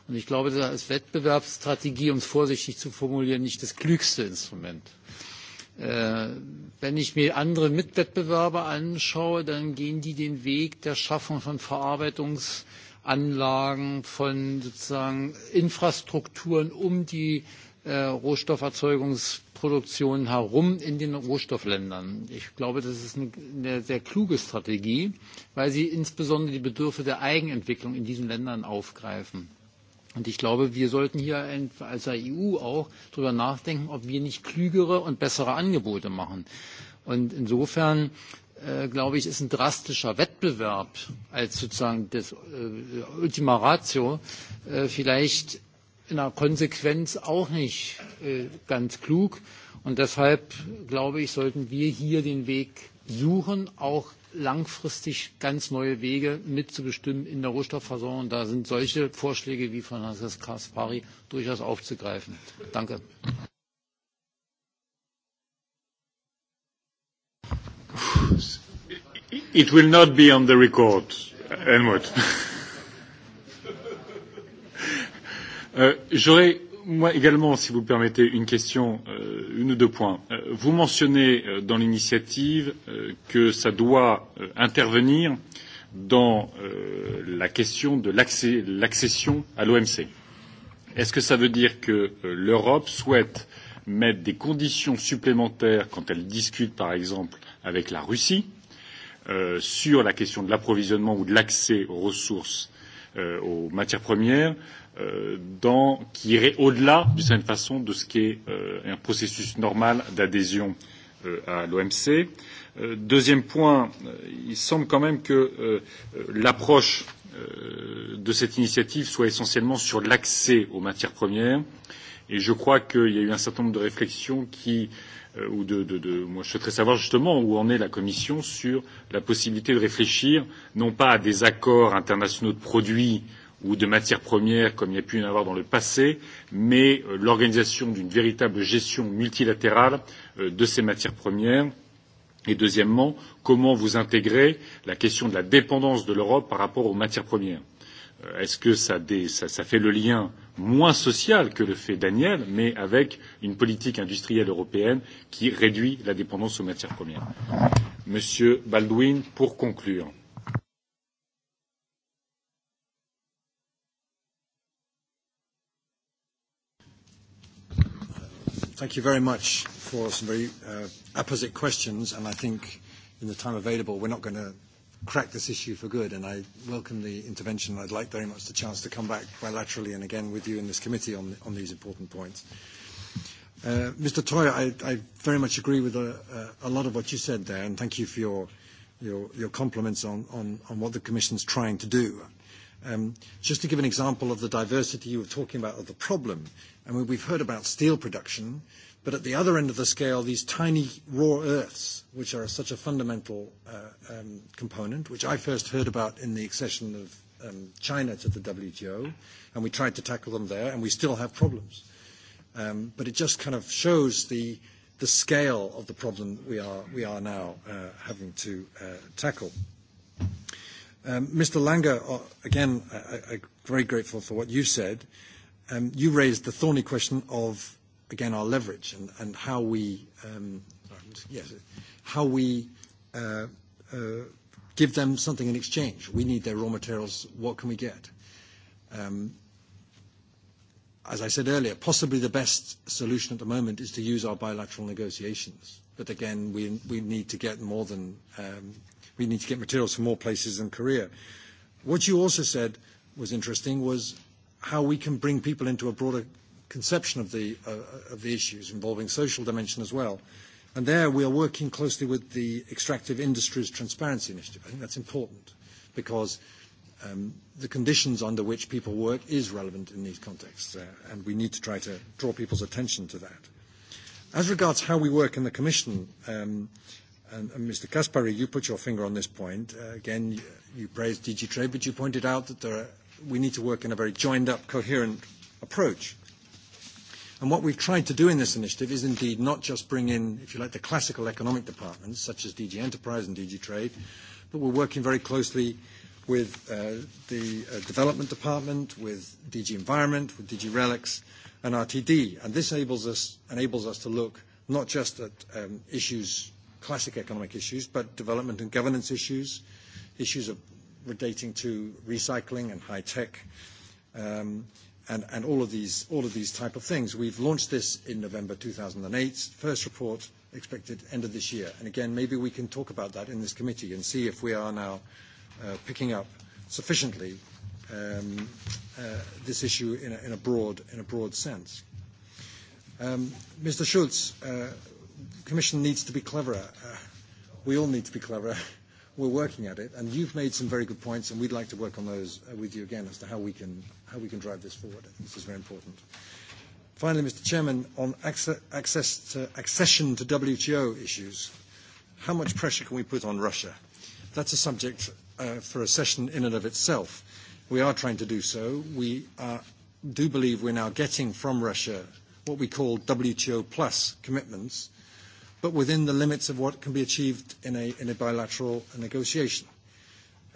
ich glaube das ist wettbewerbsstrategie um es vorsichtig zu formulieren nicht das klügste instrument. Wenn ich mir andere Mitwettbewerber anschaue, dann gehen die den Weg der Schaffung von Verarbeitungsanlagen, von sozusagen Infrastrukturen um die Rohstofferzeugungsproduktion herum in den Rohstoffländern. Ich glaube, das ist eine sehr kluge Strategie, weil sie insbesondere die Bedürfe der Eigenentwicklung in diesen Ländern aufgreifen Und ich glaube, wir sollten hier als EU auch darüber nachdenken, ob wir nicht klügere und bessere Angebote machen. Und insofern glaube ich, ist ein drastischer Wettbewerb als sozusagen das Ultima Ratio vielleicht in der Konsequenz auch nicht ganz klug. Und deshalb, glaube ich, sollten wir hier den Weg suchen, auch langfristig ganz neue Wege mitzubestimmen in der Rohstoffversorgung. Da sind solche Vorschläge wie von Hans Kaspari durchaus aufzugreifen. Danke. It will not be on the record, Helmut moi également, si vous le permettez, une question, euh, une ou deux points. Euh, vous mentionnez euh, dans l'initiative euh, que ça doit euh, intervenir dans euh, la question de l'accession à l'OMC. Est-ce que ça veut dire que euh, l'Europe souhaite mettre des conditions supplémentaires quand elle discute, par exemple, avec la Russie euh, sur la question de l'approvisionnement ou de l'accès aux ressources, euh, aux matières premières, euh, dans, qui irait au-delà, d'une certaine façon, de ce qui est un processus normal d'adhésion à l'OMC. deuxième point, il semble quand même que l'approche de cette initiative soit essentiellement sur l'accès aux matières premières. Et je crois qu'il y a eu un certain nombre de réflexions qui, ou de, de, de, moi je souhaiterais savoir justement où en est la Commission sur la possibilité de réfléchir non pas à des accords internationaux de produits euh, ou de matières premières comme il y a pu y en avoir dans le passé, mais l'organisation d'une véritable gestion multilatérale de ces matières premières. Et deuxièmement, comment vous intégrez la question de la dépendance de l'Europe par rapport aux matières premières Est-ce que ça, fait le lien moins social que le fait Daniel, mais avec une politique industrielle européenne qui réduit la dépendance aux matières premières Monsieur Baldwin, pour conclure. Thank you very much for some very uh, apposite questions, and I think in the time available, we're not going to crack this issue for good, and I welcome the intervention. I'd like very much the chance to come back bilaterally and again with you in this committee on, on these important points. Uh, Mr. Toyer, I, I very much agree with a, a lot of what you said there, and thank you for your, your, your compliments on, on, on what the Commission's trying to do. Um, just to give an example of the diversity you were talking about of the problem, uh, I mean, we've heard about steel production, but at the other end of the scale, these tiny raw earths, which are such a fundamental uh, um, component, which I first heard about in the accession of um, China to the WTO, and we tried to tackle them there, and we still have problems. Um, but it just kind of shows the the scale of the problem we are we are now uh, having to uh, tackle. Um, Mr. Langer, again, I, I, I'm very grateful for what you said. You raised the thorny question of, again, our leverage and how we give them something in exchange. We need their raw materials. What can we get? As I said earlier, possibly the best solution at the moment is to use our bilateral negotiations. But again, we need to get more than we need to get materials from more places than Korea. What you also said was interesting was how we can bring people into a broader conception of the, uh, of the issues involving social dimension as well. And there we are working closely with the Extractive Industries Transparency Initiative. I think that's important because um, the conditions under which people work is relevant in these contexts, uh, and we need to try to draw people's attention to that. As regards how we work in the Commission, um, and, and Mr. Kaspari, you put your finger on this point. Uh, again, you praised DG Trade, but you pointed out that there are we need to work in a very joined up, coherent approach. And what we've tried to do in this initiative is indeed not just bring in, if you like, the classical economic departments, such as DG Enterprise and DG Trade, but we're working very closely with the Development Department, with DG Environment, with DG Relics, and RTD. And this enables us, enables us to look not just at um, issues, classic economic issues, but development and governance issues, issues of relating to recycling and high tech, um, and, and all, of these, all of these type of things. We've launched this in November 2008, first report expected end of this year. And again, maybe we can talk about that in this committee and see if we are now uh, picking up sufficiently um, uh, this issue in a, in a, broad, in a broad sense. Um, Mr. Schulz, uh, Commission needs to be cleverer. Uh, we all need to be cleverer. We're working at it, and you've made some very good points, and we'd like to work on those with you again as to how we can how we can drive this forward. I think this is very important. Finally, Mr. Chairman, on accession to WTO issues, how much pressure can we put on Russia? That's a subject for a session in and of itself. We are trying to do so. We do believe we're now getting from Russia what we call WTO plus commitments, but within the limits of what can be achieved in a, bilateral negotiation.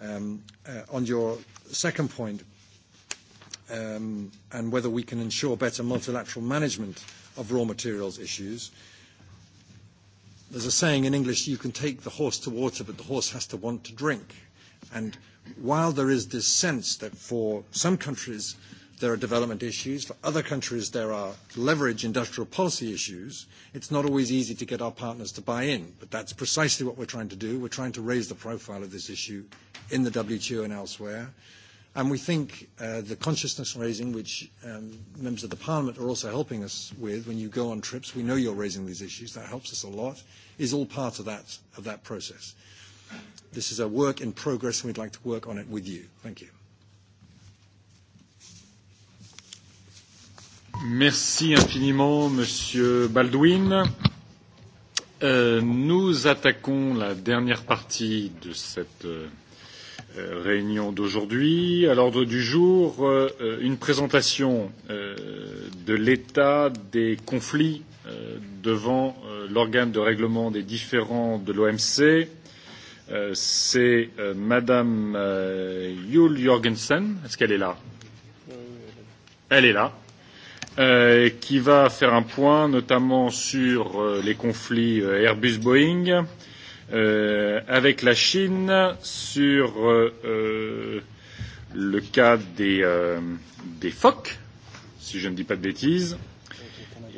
on your second point, and whether we can ensure better multilateral management of raw materials issues, there's a saying in English, you can take the horse to water, but the horse has to want to drink. And while there is this sense that for some countries, There are development issues. For other countries, there are leverage industrial policy issues. It's not always easy to get our partners to buy in, but that's precisely what we're trying to do. We're trying to raise the profile of this issue in the WTO and elsewhere. And we think uh, the consciousness raising, which um, members of the Parliament are also helping us with, when you go on trips, we know you're raising these issues. That helps us a lot. Is all part of that of that process. This is a work in progress, and we'd like to work on it with you. Thank you. Merci infiniment, Monsieur Baldwin. nous attaquons la dernière partie de cette réunion d'aujourd'hui. À l'ordre du jour, une présentation de l'état des conflits devant l'organe de règlement des différends de l'OMC. C'est Madame Jul Jorgensen. Est-ce qu'elle est là Elle est là qui va faire un point notamment sur les conflits Airbus-Boeing avec la Chine, sur le cas des, des phoques, si je ne dis pas de bêtises,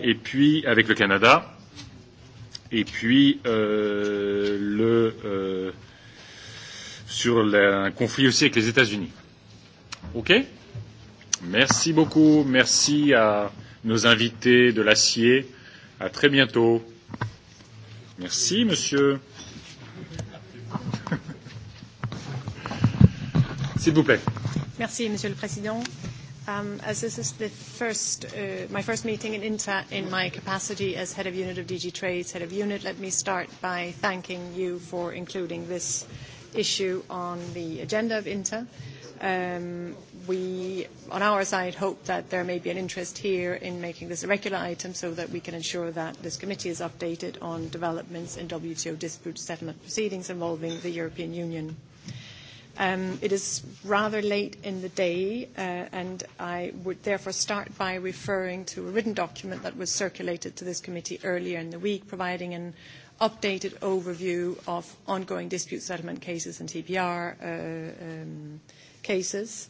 et puis avec le Canada, et puis euh, le, euh, sur la, un conflit aussi avec les États-Unis. OK Merci beaucoup. Merci à nos invités de l'acier. À très bientôt. Merci, monsieur. S'il vous plaît. Merci, monsieur le président. Um, as this is the first, uh, my first meeting in INTA in my capacity as head of unit of DG Trades, head of unit, let me start by thanking you for including this issue on the agenda of INTA we, on our side, hope that there may be an interest here in making this a regular item so that we can ensure that this committee is updated on developments in WTO dispute settlement proceedings involving the European Union. It is rather late in the day, and I would therefore start by referring to a written document that was circulated to this committee earlier in the week, providing an updated overview of ongoing dispute settlement cases and TPR cases.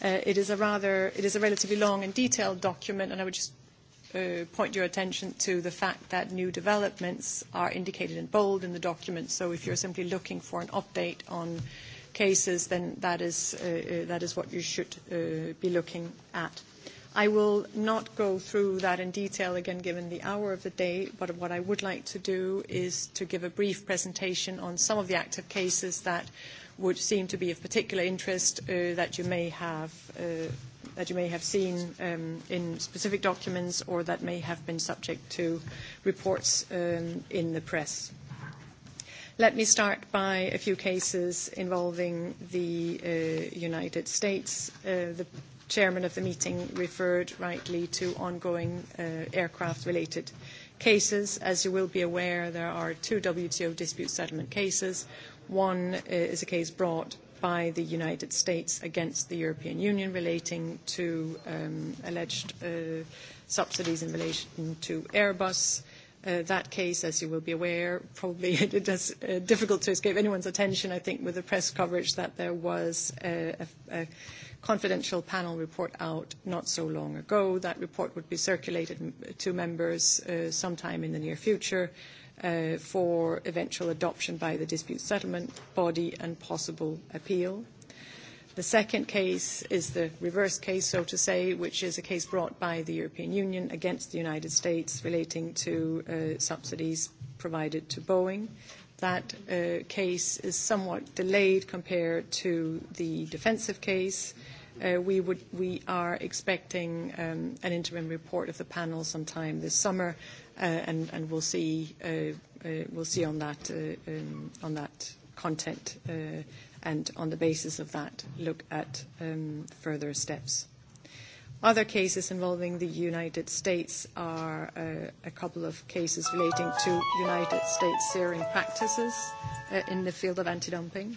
It is a rather, it is a relatively long and detailed document, and I would just point your attention to the fact that new developments are indicated in bold in the document. So if you're simply looking for an update on cases, then that is, that is what you should be looking at. I will not go through that in detail again, given the hour of the day, but what I would like to do is to give a brief presentation on some of the active cases that would seem to be of particular interest that you may have that you may have seen in specific documents or that may have been subject to reports in the press. Let me start by a few cases involving the United States. The chairman of the meeting referred rightly to ongoing aircraft-related cases. As you will be aware, there are two WTO dispute settlement cases, One is a case brought by the United States against the European Union relating to alleged subsidies in relation to Airbus. that case, as you will be aware, probably it is difficult to escape anyone's attention, I think, with the press coverage that there was a, a confidential panel report out not so long ago. That report would be circulated to members sometime in the near future. Uh, uh, for eventual adoption by the dispute settlement body and possible appeal. The second case is the reverse case, so to say, which is a case brought by the European Union against the United States relating to uh, subsidies provided to Boeing. That uh, case is somewhat delayed compared to the defensive case. Uh, we, would, we are expecting um, an interim report of the panel sometime this summer, and and we'll see we'll see on that on that content and on the basis of that look at further steps. Other cases involving the United States are a couple of cases relating to United States searing practices in the field of anti-dumping.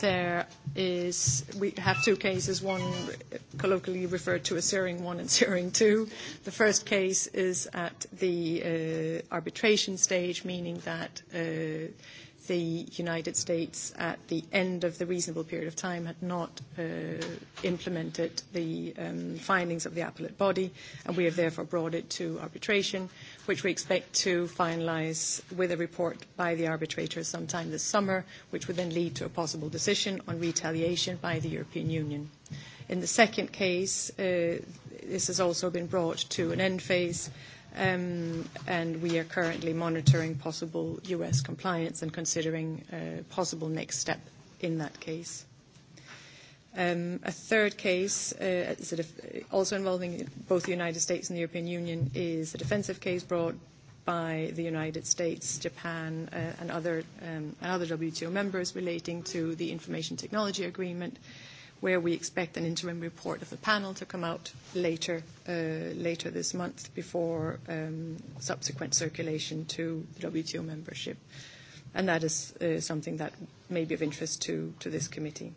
There is we have two cases, one colloquially referred to as Searing 1 and Searing 2. The first case is at the arbitration stage, meaning that the United States, at the end of the reasonable period of time, had not uh, implemented the um, findings of the appellate body, and we have therefore brought it to arbitration, which we expect to finalise with a report by the arbitrator sometime this summer, which would then lead to a possible decision on retaliation by the European Union. In the second case, uh, this has also been brought to an end phase and we are currently monitoring possible U.S. compliance and considering a possible next step in that case. A third case, also involving both the United States and the European Union, is a defensive case brought by the United States, Japan, and other WTO members relating to the Information Technology Agreement, where we expect an interim report of the panel to come out later later this month before subsequent circulation to the WTO membership. And that is something that may be of interest to, to this committee.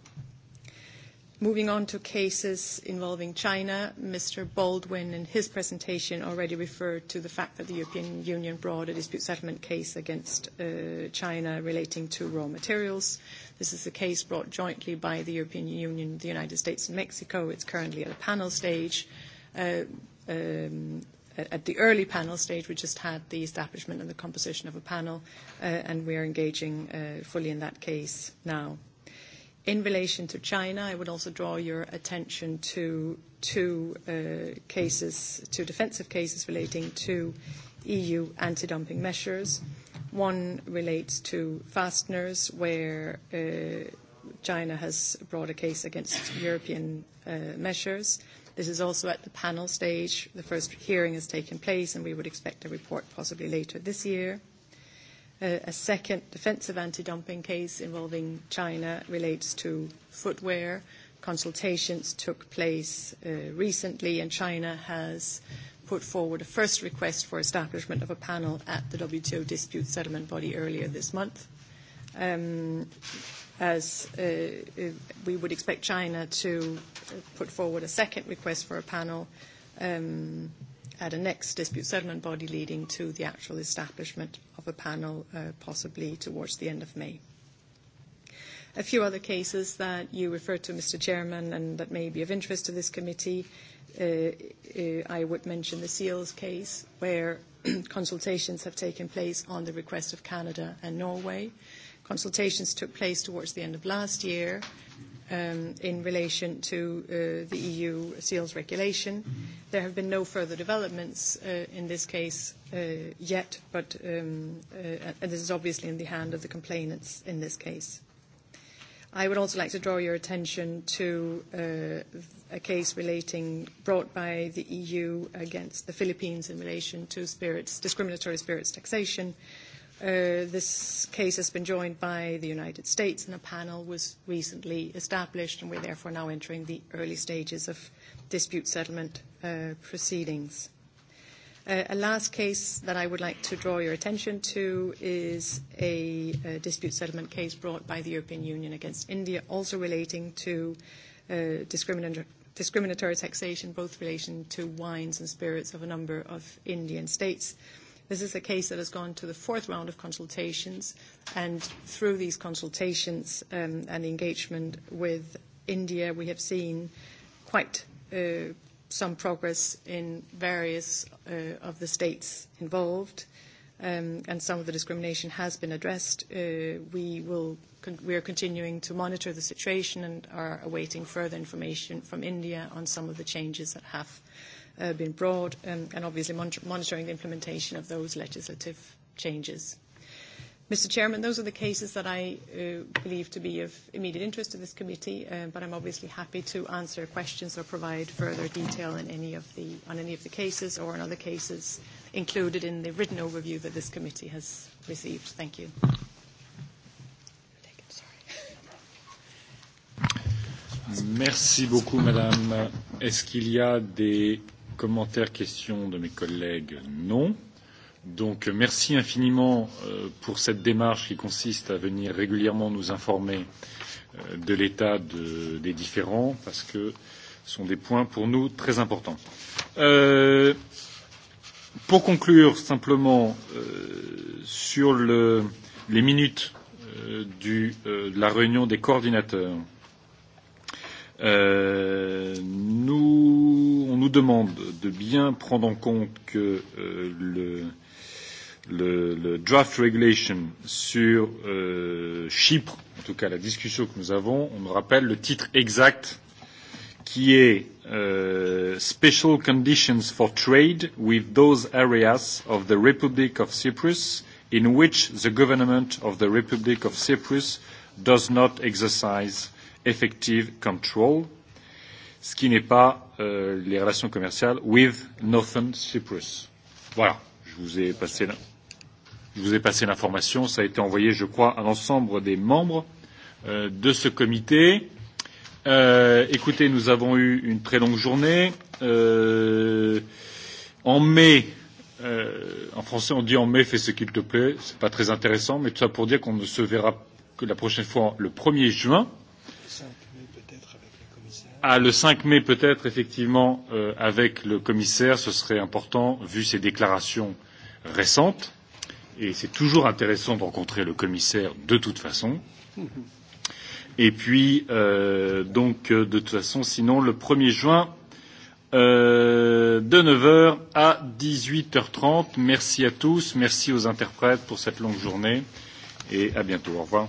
Moving on to cases involving China, Mr. Baldwin in his presentation already referred to the fact that the European Union brought a dispute settlement case against China relating to raw materials. This is a case brought jointly by the European Union, the United States, and Mexico. It's currently at a panel stage. At the early panel stage, we just had the establishment and the composition of a panel, and we are engaging fully in that case now. In relation to China, I would also draw your attention to two cases, two defensive cases relating to EU anti-dumping measures. One relates to fasteners, where China has brought a case against European measures. This is also at the panel stage. The first hearing has taken place, and we would expect a report possibly later this year a second defensive anti-dumping case involving China relates to footwear. Consultations took place recently, and China has put forward a first request for establishment of a panel at the WTO dispute settlement body earlier this month. As we would expect China to put forward a second request for a panel at a next dispute settlement body leading to the actual establishment of a panel, uh, possibly towards the end of May. A few other cases that you referred to, Mr. Chairman, and that may be of interest to this committee, uh, uh, I would mention the SEALS case, where consultations have taken place on the request of Canada and Norway. Consultations took place towards the end of last year in relation to the EU seals regulation. There have been no further developments in this case yet, but and this is obviously in the hand of the complainants in this case. I would also like to draw your attention to a case relating brought by the EU against the Philippines in relation to spirits, discriminatory spirits taxation, this case has been joined by the United States, and a panel was recently established, and we're therefore now entering the early stages of dispute settlement proceedings. a last case that I would like to draw your attention to is a, dispute settlement case brought by the European Union against India, also relating to discriminatory taxation, both relation to wines and spirits of a number of Indian states This is a case that has gone to the fourth round of consultations, and through these consultations um, and engagement with India, we have seen quite uh, some progress in various uh, of the states involved, um, and some of the discrimination has been addressed. Uh, we will con- we are continuing to monitor the situation and are awaiting further information from India on some of the changes that have been brought, and obviously monitoring the implementation of those legislative changes. Mr. Chairman, those are the cases that I believe to be of immediate interest to this committee, but I'm obviously happy to answer questions or provide further detail in any of the, on any of the cases or on other cases included in the written overview that this committee has received. Thank you. Merci beaucoup, Madame. Est-ce qu'il y a des Commentaires, questions de mes collègues Non. Donc merci infiniment pour cette démarche qui consiste à venir régulièrement nous informer de l'état des différents, parce que ce sont des points pour nous très importants. Euh, pour conclure simplement euh, sur le, les minutes euh, du, euh, de la réunion des coordinateurs, euh, nous nous demande de bien prendre en compte que le, le, le draft regulation sur euh, Chypre, en tout cas la discussion que nous avons, on me rappelle le titre exact qui est euh, Special Conditions for Trade with those areas of the Republic of Cyprus in which the government of the Republic of Cyprus does not exercise effective control, ce qui n'est pas les relations commerciales with Northern Cyprus. Voilà, je vous ai passé là. Je vous ai passé l'information, ça a été envoyé, je crois, à l'ensemble des membres euh, de ce comité. Euh, écoutez, nous avons eu une très longue journée. Euh, en mai, euh, en français on dit en mai, fais ce qu'il te plaît, ce n'est pas très intéressant, mais tout ça pour dire qu'on ne se verra que la prochaine fois le 1er juin. 5 Ah, le 5 mai peut-être, effectivement, euh, avec le commissaire, ce serait important, vu ses déclarations récentes. Et c'est toujours intéressant de rencontrer le commissaire de toute façon. Et puis, euh, donc, de toute façon, sinon, le 1er juin, euh, de 9h à 18h30. Merci à tous, merci aux interprètes pour cette longue journée et à bientôt. Au revoir.